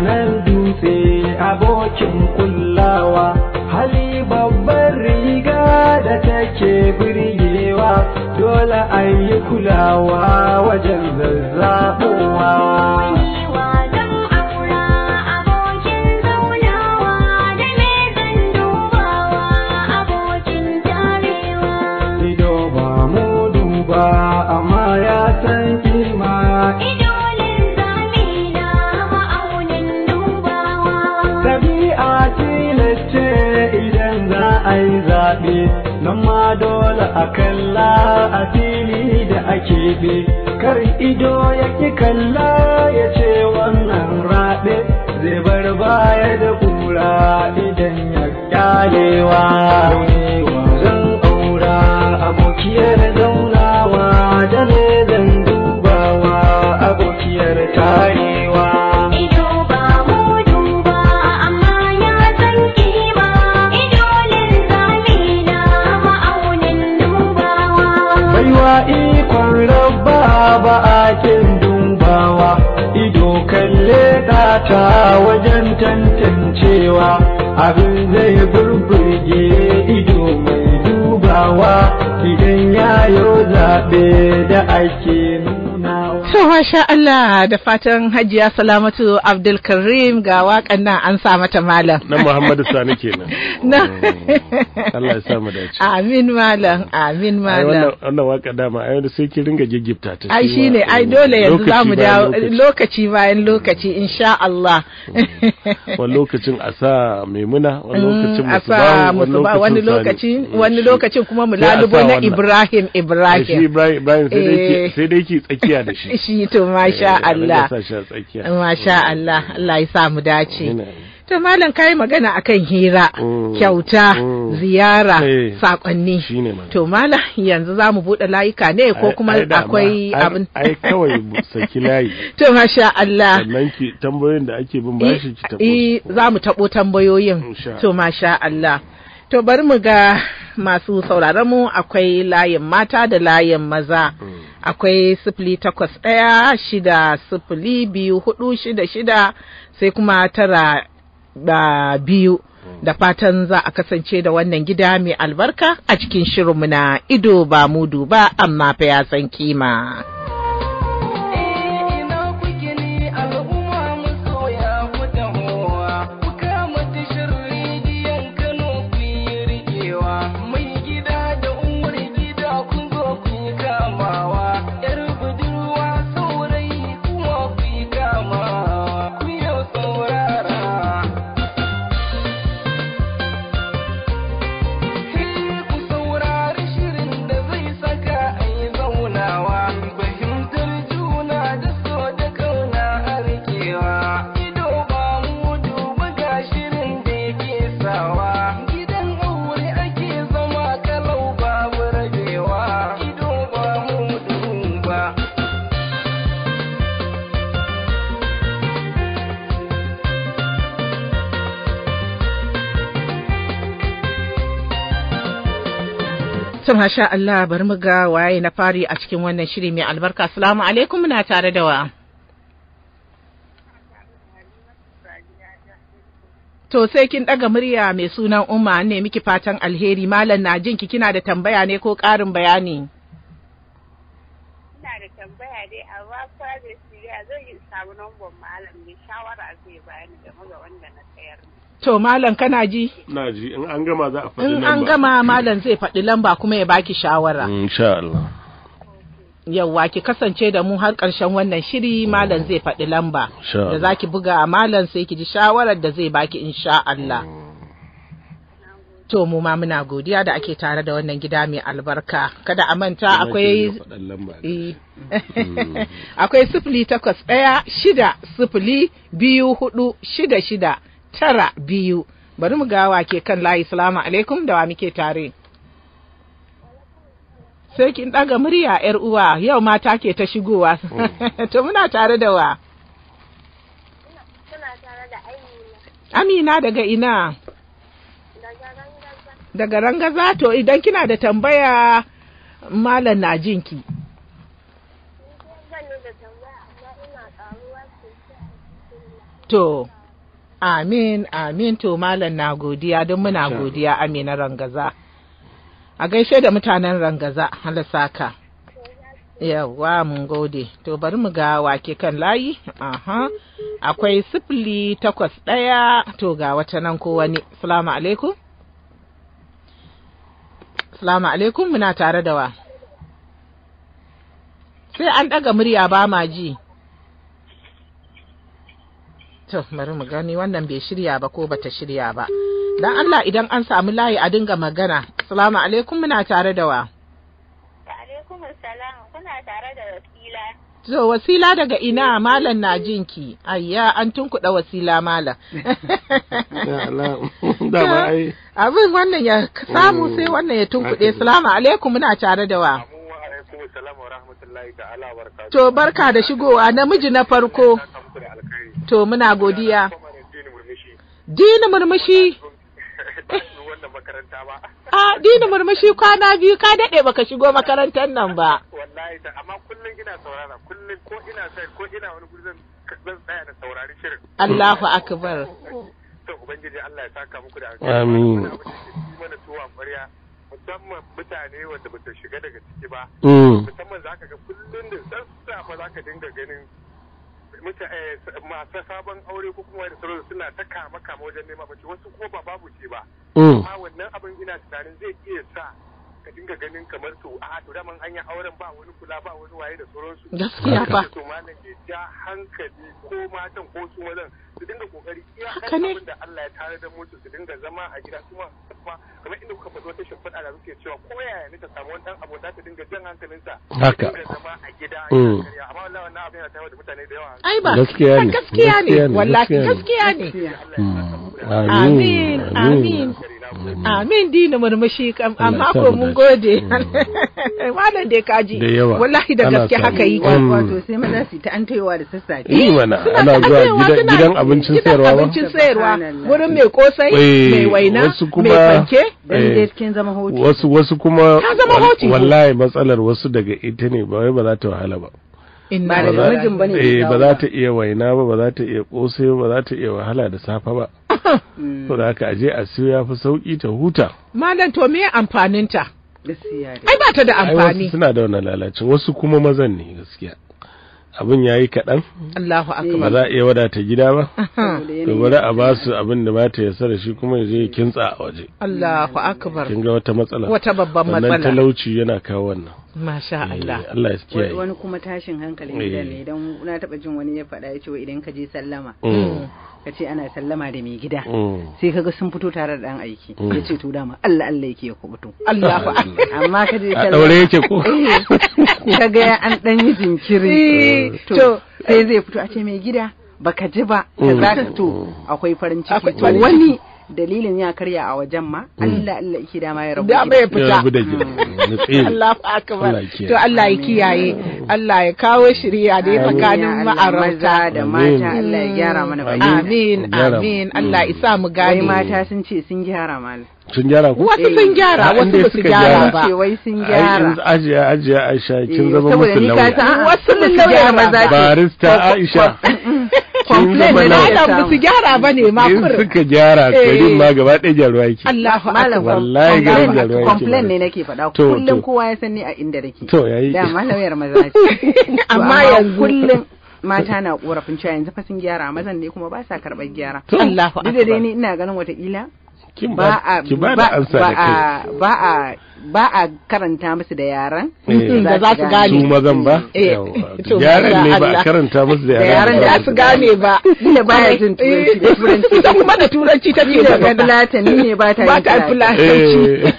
nan dutse abokin kullawa hali babbar riga da take birgewa dole a kulawa wajen zargi a kalla a fili da ake be kar ido yake kalla ya ce wannan raɓe zai bar baya da kura idan ya kyalewa zan aura abokiyar ta wajen tantancewa abin zai burburge ido mai dubawa idan yayo zaɓe da ake To sha Allah da fatan Hajiya Salamatu Abdul Karim ga waƙan nan an sa mata malam. Na Muhammadu Sani kenan. Na. Mm. Allah ya sa mu dace. Amin malam, amin malam. Ai wannan waka dama ai wanda sai ki ringa giggifta ta. Ai shine ai dole yanzu za mu lokaci bayan mm. lokaci insha Allah. Mm. Wani lokacin a sa Maimuna, wa lokacin Musuba, wani lokacin wani lokacin kuma mu lalubo na Ibrahim Ibrahim. Ibrahim sai dai ki eh. tsakiya da shi. shi to masha eh, Allah masha mm. Allah Allah ya samu dace to malam kai magana akan hira mm, mm. kyauta ziyara eh. sakonni to malam yanzu zamu bude buɗe layuka ne ko kuma akwai abin ai kawai saki layi to masha Allah sannan ki tambayoyin da ake bin bashi ki tabo eh, eh zamu tabo tambayoyin to masha Allah To bari mu ga masu sauraron mu akwai layin mata da layin maza. Mm. Akwai sifili takwas ɗaya shida sifili biyu hudu shida shida sai kuma tara da biyu. Mm. Da fatan za a kasance da wannan gida mai albarka a cikin shirinmu na ido ba mudu ba amma fa ya san kima. To masha Allah bari mu ga waye na fari a cikin wannan shiri mai albarka. Assalamu alaikum muna tare da wa. To sai kin ɗaga murya mai sunan Umma ne miki fatan alheri malam na jin ki kina da tambaya ne ko karin bayani. Ina da tambaya dai amma ya zai yi samu malam mai shawara zai bani game da wanda na tsayar. To malam kana ji? Na ji in an gama za a faɗi lamba. In an gama malam zai faɗi lamba kuma ya baki shawara. Insha Allah. Yawwa ki kasance da mu har ƙarshen wannan shiri malam zai faɗi lamba. Da za ki buga a malam sai ki ji shawarar da zai baki insha Allah. To mu ma muna godiya da ake tare da wannan gida mai albarka. Kada a manta akwai eh. mm. akwai sifili takwas ɗaya shida sifili biyu hudu shida shida. tara biyu bari mu gawa ke kan layi salamu alaikum da wa muke tare sai kin ɗaga murya yar uwa yau mata ke ta shigowa mm. to muna tare da wa Amina daga ina daga rangaza to idan kina da tambaya malam na jinki to Amin, amin to malam na godiya don muna godiya amina rangaza. A gaishe da mutanen rangaza halasaka. Yawwa mun gode, to bari mu ga wake kan layi, aha, akwai sifili takwas ɗaya to ga wata nan ko wani, salamu alaikum. Salamu alaikum muna tare da wa. Sai an ɗaga murya ba ma ji. to bari mu gani wannan bai shirya ba ko bata shirya ba dan Allah idan an samu layi a dinga magana assalamu alaikum muna tare da wa alaikum assalam kuna tare da wasila to wasila daga ina malam na jinki ayya an tunkuɗa wasila malam abin wannan ya samu sai mm, wannan ya tunkuɗe salamu alaikum muna tare da wa To barka da shigowa namiji na farko. to muna godiya Dini murmushi a Dini murmushi kwana biyu ka daɗe baka shigo makarantar nan ba wallahi ta amma kullum ina saurara kullum ko ina sai ko ina wani guri zan zan tsaya da saurari shirin Allahu akbar to ubangiji Allah ya saka muku da alheri. amin mana tuwa ƙwarya musamman mutane wanda ba su shiga daga ciki ba mm. musamman zaka ga kullum da sassafe zaka dinga ganin Eh, masu sabon aure ko kuma da sauransu suna ta kama kama wajen nema mace wasu kuma ba babu ce ba mm. amma wannan abin ina tunanin zai iya sa ka dinga ganin kamar to a ah, to daman an auren ba wani kula ba wani waye da sauransu gaskiya ba to malam ya ja hankali ko matan ko su mazan su dinga kokari iya abin da Allah ya tare da mutu su dinga zama a gida kuma kuma kamar inda kuka faɗi wata shimfiɗa da suke cewa ko yaya ne ta samu wani ɗan abu za ta dinga jan hankalinsa haka zama a gida mm. amma wallahi wannan abin yana tayar da mutane da yawa ai ba gaskiya ne gaskiya ne wallahi gaskiya ne mm. amin amin amin dina murmushi amma ko mun mun gode mm. kaji. da kaji wallahi da gaske haka yi mm. wato sai maza su ta an taiwa da sassafe eh mana ana zuwa gidan abincin sayarwa ba abincin sayarwa wurin mai kosai mai eh, waina mai fanke eh, dan kin zama hoti wasu wasu kuma ta zama wallahi matsalar wasu daga ita ne ba wai ba za ta wahala ba ba da eh, ba za ta iya waina ba ba za ta iya kosai ba za ta iya wahala da safa ba to da haka aje a siyo ya fi sauƙi ta huta malam to me amfaninta ai ba ta da amfani suna da wani lalacin wasu kuma mazan ne gaskiya abin ya yi kaɗan Allahu akbar ba za a iya wadata gida ba to bari a ba su abin da ba ta yasa da shi kuma ya je ya kintsa a waje Allahu akbar kin ga wata matsala wata babban matsala talauci yana kawo wannan Masha eh, Allah. Allah ya kiyaye. Wani kuma tashin hankalin gida eh. ne idan na taba jin wani ya faɗa ya ce idan ka je sallama. Mm. Ka ce ana sallama da mai gida. Mm. Sai kaga sun fito tare da ɗan aiki. Mm. Ya ce to dama Allah Allah yake ya kubuto. Allah fa amma ka je sallama. ɗaure yake ko. Eh. Ka Kaga an ɗan yi jinkiri. To sai zai fito a ce mai gida baka ji ba. Ka za to akwai farin ciki. Wani dalilin ya karya a wajen ma hmm. Allah Allah yake da ma ya rabu da bai fita hmm. Allah akbar to Allah ya kiyaye Allah ya kawo shari'a da tsakanin ma'arauta da mata Allah ya gyara mana hmm. amin amin Allah isa mu gani mata sun ce sun gyara mal sun gyara ku wasu sun gyara eh, wasu ba su gyara ba wai sun gyara ajiya ajiya aisha kin zama musu lauya wasu mun lauya maza barista aisha complain da Allah ba su gyara ba ne ma kur suka gyara karin eh. ma gaba ɗaya jaruwa yake Allahu akbar wallahi garin jaruwa yake complain ne nake faɗa kullum kowa ya san ni a inda nake to yayi da malauyar maza ce amma yanzu kullum mata na korafin cewa yanzu fa sun gyara mazan ne kuma ba sa karɓar gyara Allahu akbar dai ni ina ganin watakila ba a ba a ba a karanta musu da yaran eh. da za su gane su mazan ba eh. yaran ne ba a karanta musu da yaran da su gane ba ne ba ya jin turanci da kuma da turanci ta ke da Ni ne ba ta ba ta fulatanci eh.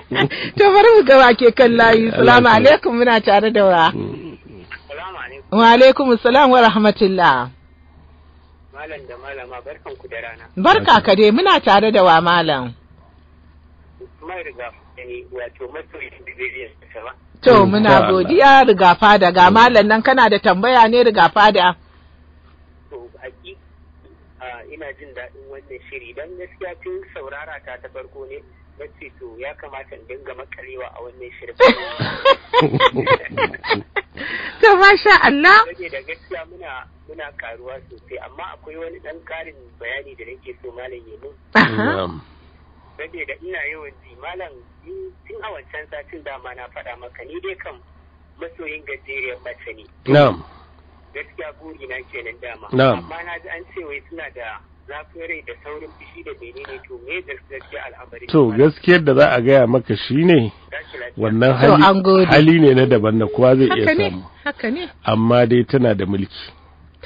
to bari mu ga ke kan layi salamu alaikum muna tare da wa mm. wa alaikum salam wa rahmatullah malam da malama barkan ku da rana. Barka ka dai muna tare da wa malam. Mai riga ne eh, wato masoyin da zai iya sama. To muna godiya riga fada ga malam nan kana da tambaya ne riga fada. To haƙi ah, ina jin daɗin wannan shiri don gaskiya tun saurara ta ta farko ne ce to ya kamata in dinga makarewa a wannan shirin to masha Allah da gaskiya muna karuwa sosai amma akwai wani dan karin bayani da nake so malam ya mun da ina yawan ji malam tun a wancan satin dama na faɗa maka ni dai kam masoyin gajeriyar mace ne na'am gaskiya buri na kenan dama amma na ji an ce wai suna da to gaskiyar da za a gaya maka shi ne wannan hali ne na daban da kowa zai iya samu amma dai tana da mulki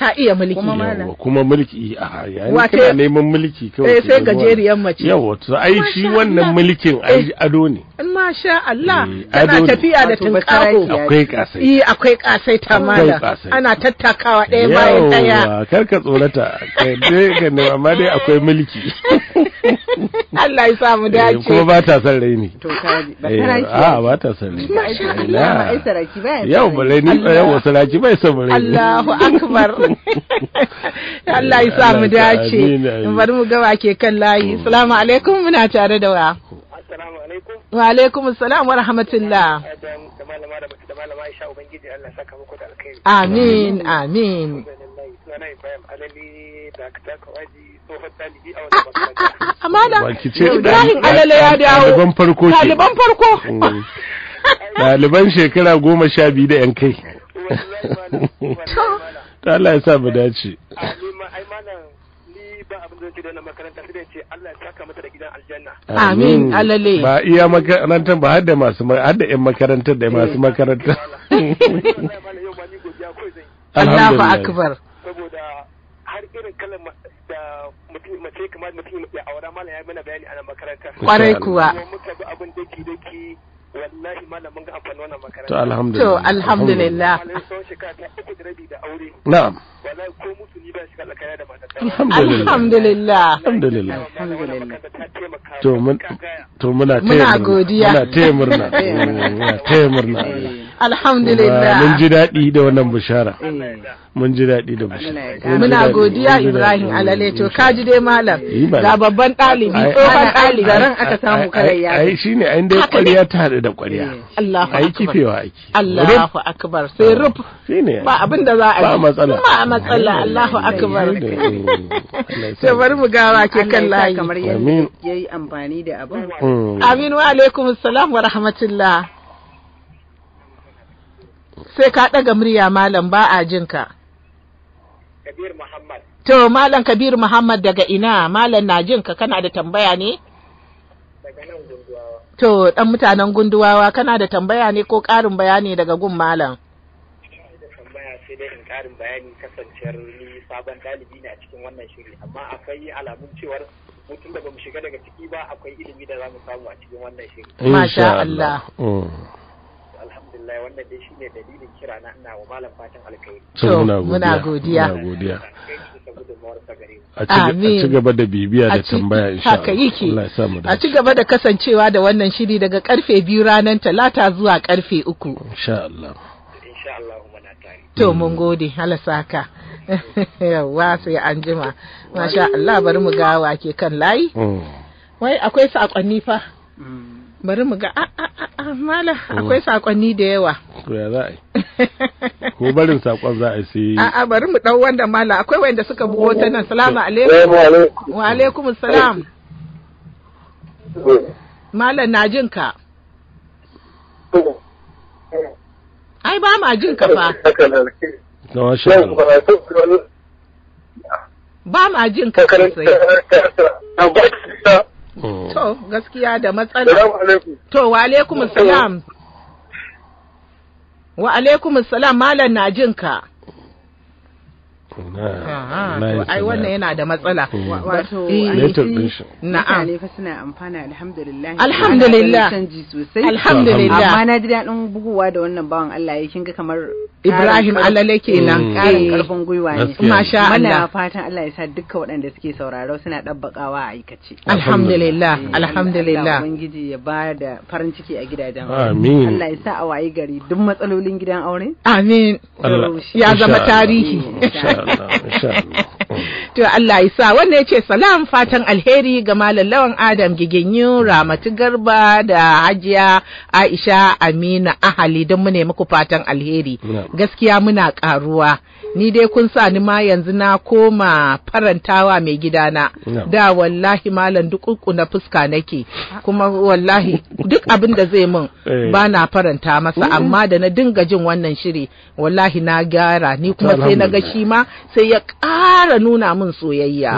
ta iya mulki kuma kuma mulki a yayin kana neman mulki kawai eh, sai gajeriyar mace yawa to ai shi wannan mulkin ai eh, ado ne masha Allah eh, tana tafiya da tunkaro akwai kasai eh akwai kasai ta mala ana tattakawa ɗaya bayan ɗaya kar ka tsorata kai dai amma dai akwai mulki Allah ya samu eh, dace. Kuma ba ta son raini. To kaji ba ta eh, raini. A ah, ba ta son raini. Masha Allah ba ai saraki ba. Yau ba raini ba yau saraki bai son raini. Allahu akbar. Allah ya samu dace. Bari mu gaba ke kan layi. Hmm. Assalamu alaikum muna tare da wa. Assalamu alaikum. Wa alaikum assalam wa rahmatullah. Amin amin. suna a Amana Ibrahim Ɗaliban farko ke. Ɗaliban farko. Mm. Ɗaliban shekara goma sha biyu da ‘yan kai. Ta Allah ya sa dace. Amin. Alale. Ba iya makarantar ba masu hada yan makarantar da masu eh, makarantar. Allahu akbar. saboda har irin kalan da mutum mace kamar mutum ya aura malam ya mana bayani a nan makaranta. kwarai kuwa muka bi abin da ke daki wallahi malam mun ga amfani wannan makaranta. to alhamdulillah to alhamdulillah sun shekara ta uku da rabi da aure na'am wallahi ko mutu ni ba shi shekara kana da mata alhamdulillah alhamdulillah alhamdulillah to mun to muna taya murna muna godiya muna taya murna eh. muna taya murna eh. alhamdulillah mun ji daɗi da wannan bishara mun ji daɗi da bishara muna godiya ibrahim alale to kaji dai malam ga babban ɗalibi tsohon ɗalibi garan aka samu karayya ai shine ai dai ƙwarya ta haɗu da ƙwarya eh, Allahu akbar ai kifewa aiki Allahu akbar sai ah, ruf shine ba abin da za a yi ba matsala ba matsala Allahu akbar sai bari mu gawa ke kan layi amin yayi amfani da abin hmm. amin wa alaikumus salam wa rahmatullah sai ka ɗaga murya malam ba a jin ka. Kabir Muhammad. To malam Kabir Muhammad daga ina malam na jin ka kana da tambaya ne? Daga nan gunduwawa. To ɗan mutanen gunduwawa kana da tambaya ne ko ƙarin bayani daga gun malam? ƙarin bayani kasancewar ni sabon ɗalibi ne a cikin wannan shiri amma akwai alamun cewar mutum da bamu shiga daga ciki ba akwai ilimi da za mu samu a cikin wannan shiri. Masha Allah. Mm. muna godiya muna a ci gaba da bibiya da tambaya insha haka yake a ci da kasancewa da wannan shiri daga karfe biyu ranar talata zuwa karfe uku to mun gode halasaka Yawwa sai an jima masha Allah bari mu ga ke kan layi oh. wai akwai sakonni fa mm. bari mu ga a ah, ah, ah, mala akwai sakonni da yawa ya za'a yi ko barin sakon za a sai a a bari mu dau wanda mala akwai wanda suka bugo ta nan salamu alaikum wa alaikum salam mala na jin ka ai ba ma jin ka fa ba ma jin ka sai Mm. To gaskiya da matsala. To wa alaikum salam. Wa alaikum salam malam na jinka. Ah, ah, ai wannan yana da matsala wato mutane fa suna amfana alhamdulillah alhamdulillah sosai alhamdulillah amma na ji daɗin buguwa da wannan bawan Allah ya kinga kamar Ibrahim Alale kenan karin eh, karfin eh. gwiwa ne masha Allah muna fatan Allah ya sa dukkan waɗanda suke sauraro suna dabbakawa a aikace alhamdulillah eh, alhamdulillah ubangiji ya ba da farin ciki a gidajen amin Allah ya sa a wayi gari duk matsalolin gidan aure amin ya zama tarihi to Allah ya sa ya yace salam fatan alheri ga malallawan lawan Adam Giginyu Ramatu Garba da Hajiya Aisha Amina Ahali don mu ne muku fatan alheri gaskiya muna karuwa ni dai kun sa ni ma yanzu na koma farantawa mai gidana da wallahi malam duk na fuska nake kuma wallahi duk abin da zai min eh. ba na faranta masa mm. amma da na dinga jin wannan shiri wallahi na gyara ni kuma sai na ga shi ma sai ya ƙara nuna min soyayya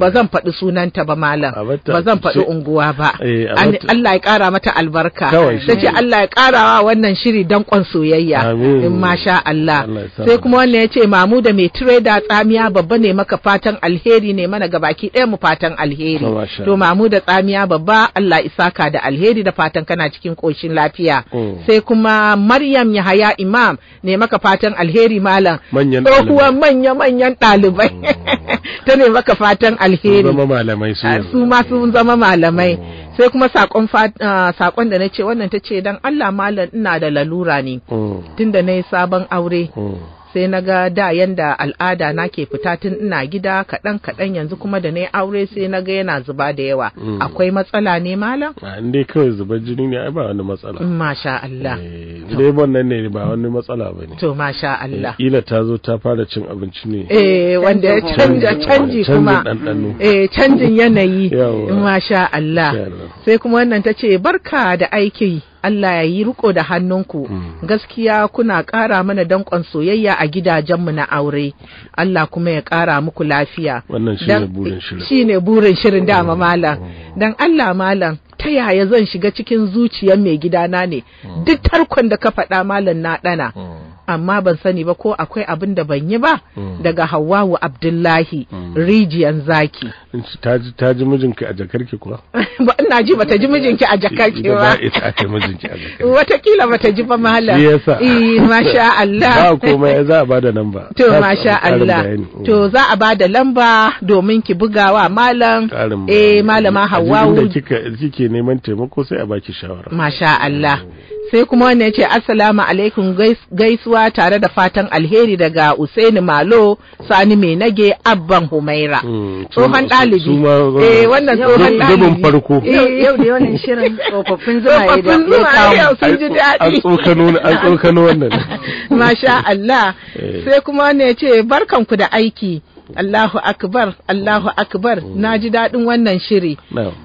ba zan faɗi sunanta ba malam ba zan faɗi unguwa ba eh, Allah ya ƙara mata albarka ta ce Allah ya ƙara wa wannan shiri danƙon soyayya in masha Allah sai kuma wannan ya ce mamu da mai trader tsamiya babba ne maka fatan alheri ne mana gabaki ɗaya mu fatan alheri oh, to mamu da tsamiya babba Allah isaka da alheri da fatan kana cikin ƙoshin lafiya oh. sai kuma Maryam Yahaya Imam ne maka fatan alheri malam tsohuwar manya manyan ɗalibai oh. ta ne maka fatan alheri ah, su ma sun zama malamai sai kuma sakon ah, sakon da na ce wannan ta ce dan Allah malam ina da lalura ne tunda na yi sabon aure sai na ga da yanda al'ada na ke fita tun ina gida kaɗan kaɗan yanzu kuma da na aure sai na ga yana zuba da yawa mm. akwai matsala ne malam ah, in dai kawai zuba jini ne ai ba wani matsala mm, masha Allah eh, dai wannan ne ba wani matsala ba ne to masha Allah eh, ila ta zo ta fara cin abinci ne eh wanda ya canja canji kuma eh canjin yanayi masha Allah sai kuma wannan ta ce barka da aiki Allah ya yi riko da hannunku hmm. gaskiya kuna ƙara mana danƙon soyayya a gidajenmu na aure Allah kuma ya ƙara muku lafiya wannan shine burin shirin shine burin dama hmm. malam hmm. dan Allah malam ta yaya zan shiga cikin zuciyar mai gidana ne duk tarkon da ka faɗa malam na ɗana amma ban sani ba ko akwai abin da ban yi ba mm. daga Hawwawu Abdullahi mm. rijiyan zaki ta ji mijinki a jakarki kuwa ba ina ji bata ji mijinki a jakarki ba watakila bata ji ba mahala eh masha Allah ba komai za a bada lamba to masha Allah to za a bada mm. lamba domin ki bugawa malam eh malama Hawwawu kike neman taimako sai a baki shawara masha Allah sai kuma wannan ce assalamu alaikum gaisuwa tare da fatan alheri daga usaini malo sani mai nage abban humaira hmm, tsohon ɗalibi eh wannan tsohon ɗalibi zuban farko eh, yau da wannan shirin tsofaffin zuma ya yau sun ji daɗi an tsokano an wannan masha Allah eh. sai kuma wannan ce barkanku da aiki Allahu akbar Allahu akbar mm. na ji daɗin wannan shiri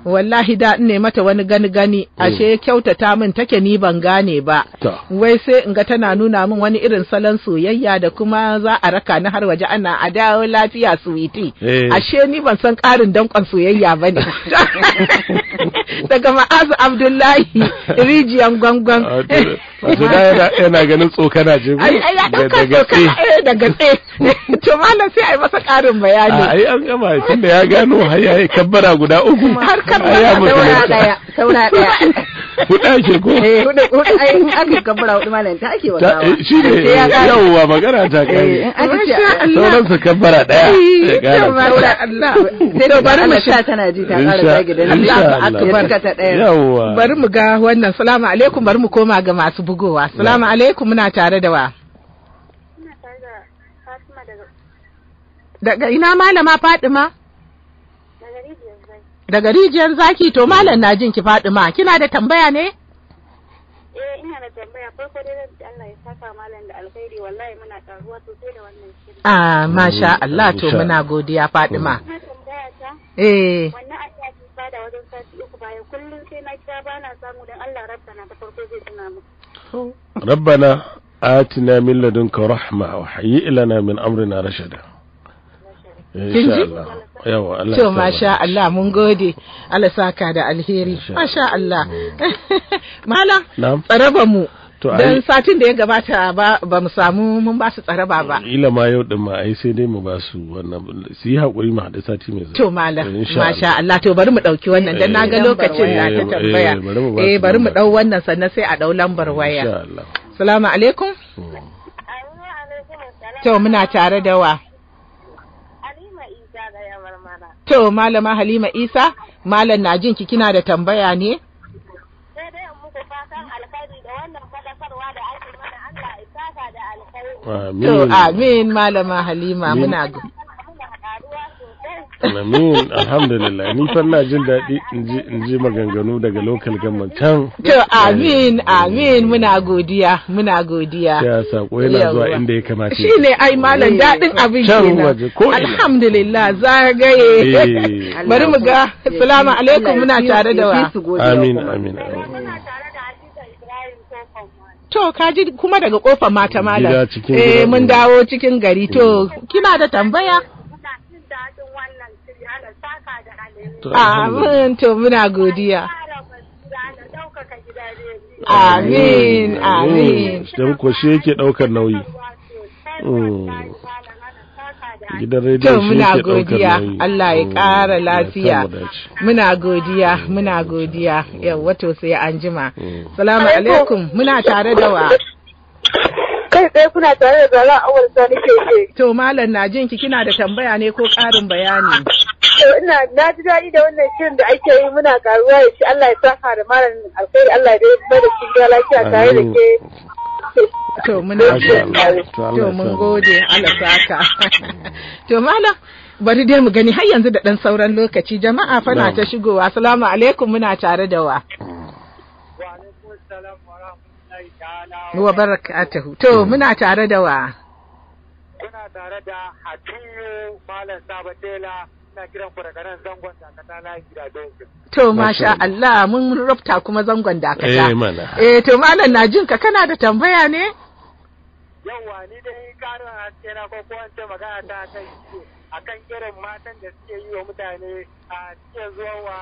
wallahi daɗin ne mata wani gani gani mm. ashe kyautata min take ni ban gane ba wai sai in ga tana nuna min wani irin salon soyayya da kuma za a raka ni har waje ana a dawo lafiya suwiti eh. ashe ni ban san ƙarin dankon soyayya ba ne daga ma'azu abdullahi rijiyan gwangwan ah, yana ganin tsokana ya da gatse da gatse to malam sai a yi masa ƙarin bayani ah, ai an gama tunda ya gano har kabbara guda uku har kabbara saura daya daya hudu ake ko eh hudu hudu ai aka kabura hudu malam ta ake wa. Ta shi ne yawwa magana ta kai eh, sauran su kabara daya eh, sai da bari mu sha tana ji ta kara zagi da Allah ta daya bari mu ga wannan salamu alaikum bari mu koma ga masu bugowa salamu alaikum muna tare da wa daga ina malama Fadima daga rijiyar zaki to malam na jin ki faɗi ma kina da tambaya ne eh ina da tambaya farko dai zan Allah ya saka malam da alkhairi wallahi muna karuwa sosai da wannan shirin ah masha Allah to muna godiya Fadima eh wannan aiki ba da wajen sati uku bayan kullum sai na kira bana samu dan Allah rabba na ta farko zai tuna mu rabbana atina min ladunka rahma wa hayyi ilana min amrina rashada yawa Allah to masha Allah mun gode Allah saka da alheri masha Allah malam tsaraba mu Dan satin da ya gabata ba mu samu mun ba su tsaraba ba ila ma yau din ma ai sai dai mu ba su wannan su yi hakuri mu haɗu sati mai zuwa to malam masha Allah to bari mu ɗauki wannan dan na ga eh, lokacin na ta tambaya eh bari mu eh, ɗau wannan sannan sai a ɗau lambar waya assalamu alaikum mm. to muna tare da wa To malama Halima Isa, malam na jin ki kina da tambaya ne? Sai dai muku fatan alkhairi da wannan fadakarwa da ake mana Allah ya saka da alkhairi. Amin. To amin malama Halima muna amin alhamdulillah ni fa na jin daɗi in ji maganganu daga local government can. To amin amin muna godiya muna godiya. Ya sako yana zuwa inda ya kamata. Shi ne ai malam daɗin abin kenan. Alhamdulillah zagaye. Eh. Bari mu ga salamu alaikum muna tare da wa. Amin amin To, To kaji kuma daga kofar mata malam. Eh mun dawo cikin gari to eh. kina da tambaya? Amin to muna godiya. Amin, amin. Don ko shi yake ɗaukar nauyi. Mm. Gidan rediyo shi yake godiya, Allah ya mm. ƙara lafiya. Muna godiya, mm. muna godiya. Yau wato sai an jima. Salamu alaikum, muna tare da wa. Kai tsaye kuna tare da zara awal sani keke. To malam na jin kina da tambaya ne ko karin bayani. ina na ji daɗi da wannan shirin da ake yi muna karuwa da shi Allah ya saka da malam alkhairi Allah ya bai da shi lafiya tare da ke To muna to mun gode Allah saka. To malam bari dai mu gani har yanzu da ɗan sauran lokaci jama'a fana ta shigowa. Assalamu alaikum muna tare da wa. wa barakatuhu to hmm. muna tare da wa kuna tare da hatiyu malam sabatela na kiran ku daga nan zangon dakata na gida dokin to masha Allah mun rufta kuma zangon dakata eh mana eh to malam na jin ka kana da tambaya ne yawa ni dai karin haske na ko kuma ce magana ta kai akan irin matan da suke yi wa mutane a cikin zuwa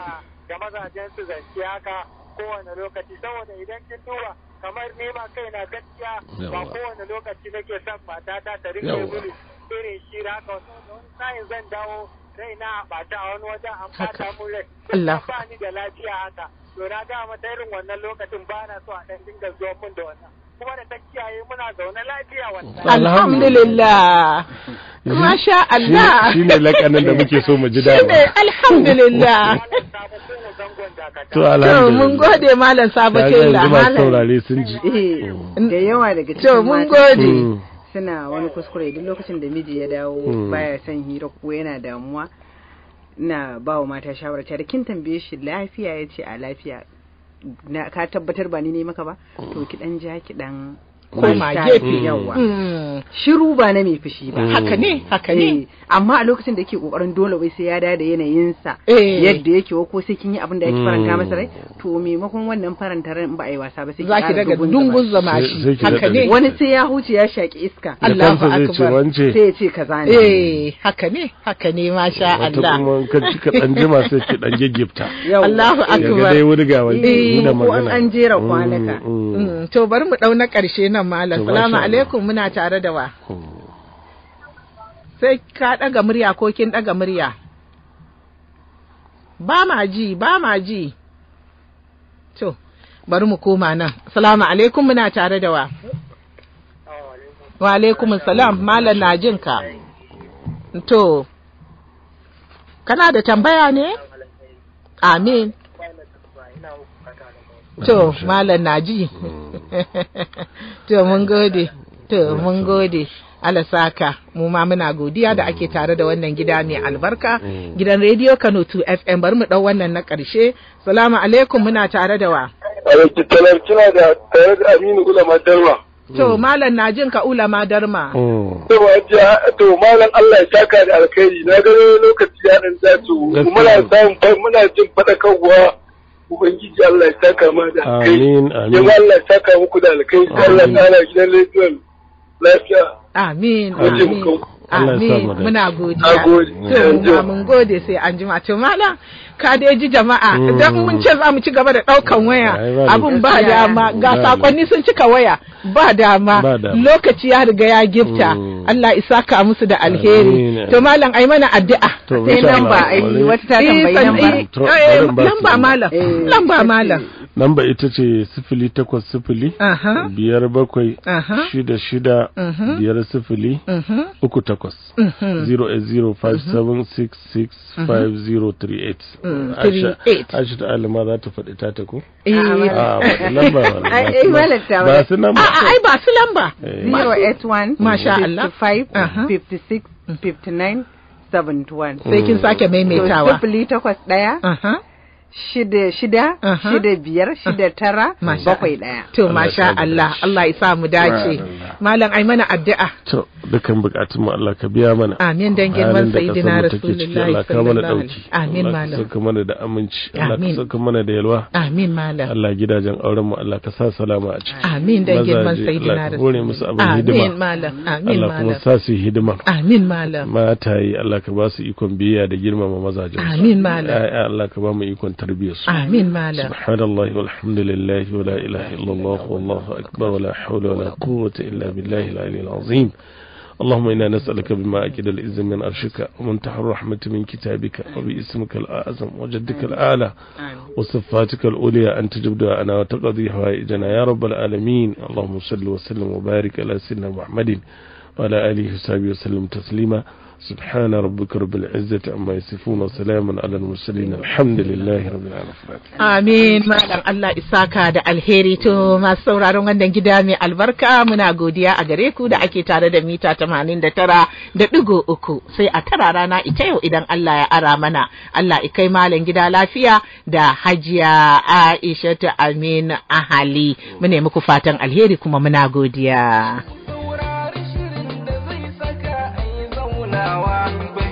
ga mazajen su zance haka kowane lokaci saboda idan kin duba kamar kai na gaskiya ba kowane lokaci nake son matata ta rike mini irin shi da haka wani sa'in zan dawo rai a bata a wani wajen an ɓata mun rai ba ni da lafiya haka to na ga mata irin wannan lokacin ba na so a ɗan dinga zuwa mun da wannan kuma da ta kiyaye muna zaune lafiya wannan alhamdulillah masha Allah shi ne lakanin da muke so mu ji dawa. shi ne alhamdulillah to alhamdulillah To mun gode malam sabatin da malam saurare sun ji eh. Eh, da yawa daga cikin to mun gode hmm. suna wani kuskure duk lokacin da miji ya dawo hmm. baya son hira ko yana damuwa na ba wa mata shawarar ta da kin tambaye shi lafiya ya ce a lafiya ka tabbatar ba ni ne maka ba to mm. ki dan ja ki dan koma mm. gefe mm. yawa mm. shiru ba na mai fushi ba haka ne haka ne eh, amma a lokacin da yake kokarin dole wai sai ya da da yanayinsa eh. yadda yake ko sai kin yi abin da yake faranta masa rai to maimakon wannan faranta ran ba a yi wasa ba sai zaki daga dungun zama shi haka ne wani sai ya huce ya shaki iska Allahu akbar sai ya ce kaza ne eh haka ne haka ne masha Allah kuma kan ka dan jima sai ki dan gegefta Allahu akbar dai wurga wani eh, da magana an jera kwanaka to bari mu dau na karshe nan malam salamu alaikum muna tare da wa oh. sai ka ɗaga murya ko kin ɗaga murya ba ma ji ba ma ji to bari mu koma nan salamu alaikum muna tare da wa wa alaikum salam malam na jin ka to kana da tambaya ne amin to malam na ji hmm. to mun gode to mun gode alasaka mu ma muna godiya da ake tare da wannan gida mai albarka mm. gidan rediyo kano 2 fm bari mu dau wannan na karshe salamu alaikum muna tare da wa kina da tare da aminu ulama darma to mm. malam na jin ka ulama darma mm. to malam allah ya saka da alkhairi na ga lokaci ya dan zato muna samun muna jin fadakarwa Ubangiji Allah ya saka ma da kai. Amin, amin. Ya Allah ya saka muku da alkai, Allah ya tsara gidan lafiyar lafiya. Amin, amin. Amin, muna godiya. To, mun gode sai an jima. To, malam, ka dai ji jama'a hmm. idan mun ce za mu ci gaba da ɗaukan waya abin ba dama ga sakonni sun cika waya ba dama lokaci ya riga ya gifta hmm. Allah isa ka musu da alheri to malam ai mana addu'a sai lamba ai wata ta eh, tambayi lamba eh, eh, lamba malam lamba malam Namba ita ce sifili takwas sifili, biyar bakwai, shida shida, mhm. biyar sifili, mhm. uku takwas. eight. Aisha ta alama za ta faɗi ta taku ko? Eh. Ah, lamba ba su lamba. Ai ba su lamba. Eh. one. Masha Allah. 55 56 59 71. Sai kin sake mm. maimaitawa. Sifili takwas ɗaya. shida shida shida biyar ah. shida tara bakwai daya To masha Allah Allah ya sa mu dace. Malam ai mana addu'a. To dukan bukatun mu Allah ka biya mana. Amin dan girman sayyidina Rasulullahi sallallahu alaihi wasallam. Amin malam. Allah ka mana da aminci. Allah ka saka mana da yalwa. Amin malam. Allah gidajen auren mu Allah ka sa salama a ciki. Amin dan girman sayyidina Rasulullahi. Gore musu abin hidima. Amin malam. Amin malam. Allah kuma sa su hidima. Amin malam. yi Allah ka ba su ikon biyayya da girmama mazajen. Amin malam. Allah ka ba mu ikon تربية صالحة آمين لا سبحان الله والحمد لله ولا إله إلا الله والله أكبر ولا حول ولا قوة إلا بالله العلي العظيم اللهم إنا نسألك بما أجد الإذن من أرشك ومنتح الرحمة من كتابك وباسمك الأعظم وجدك الأعلى وصفاتك الأولياء أن تجبدها أنا وتقضي حوائجنا يا رب العالمين اللهم صل وسلم وبارك على سيدنا محمد وعلى آله وصحبه وسلم تسليما سبحان ربك رب العزة da alheri to masu sauraron wannan gida mai albarka muna godiya a gare da ake tare da mita 89 a tara rana ita yau idan Allah ya ara mana Allah ya malam gida lafiya da hajiya Aisha ta Amin Ahali fatan alheri kuma muna godiya Wang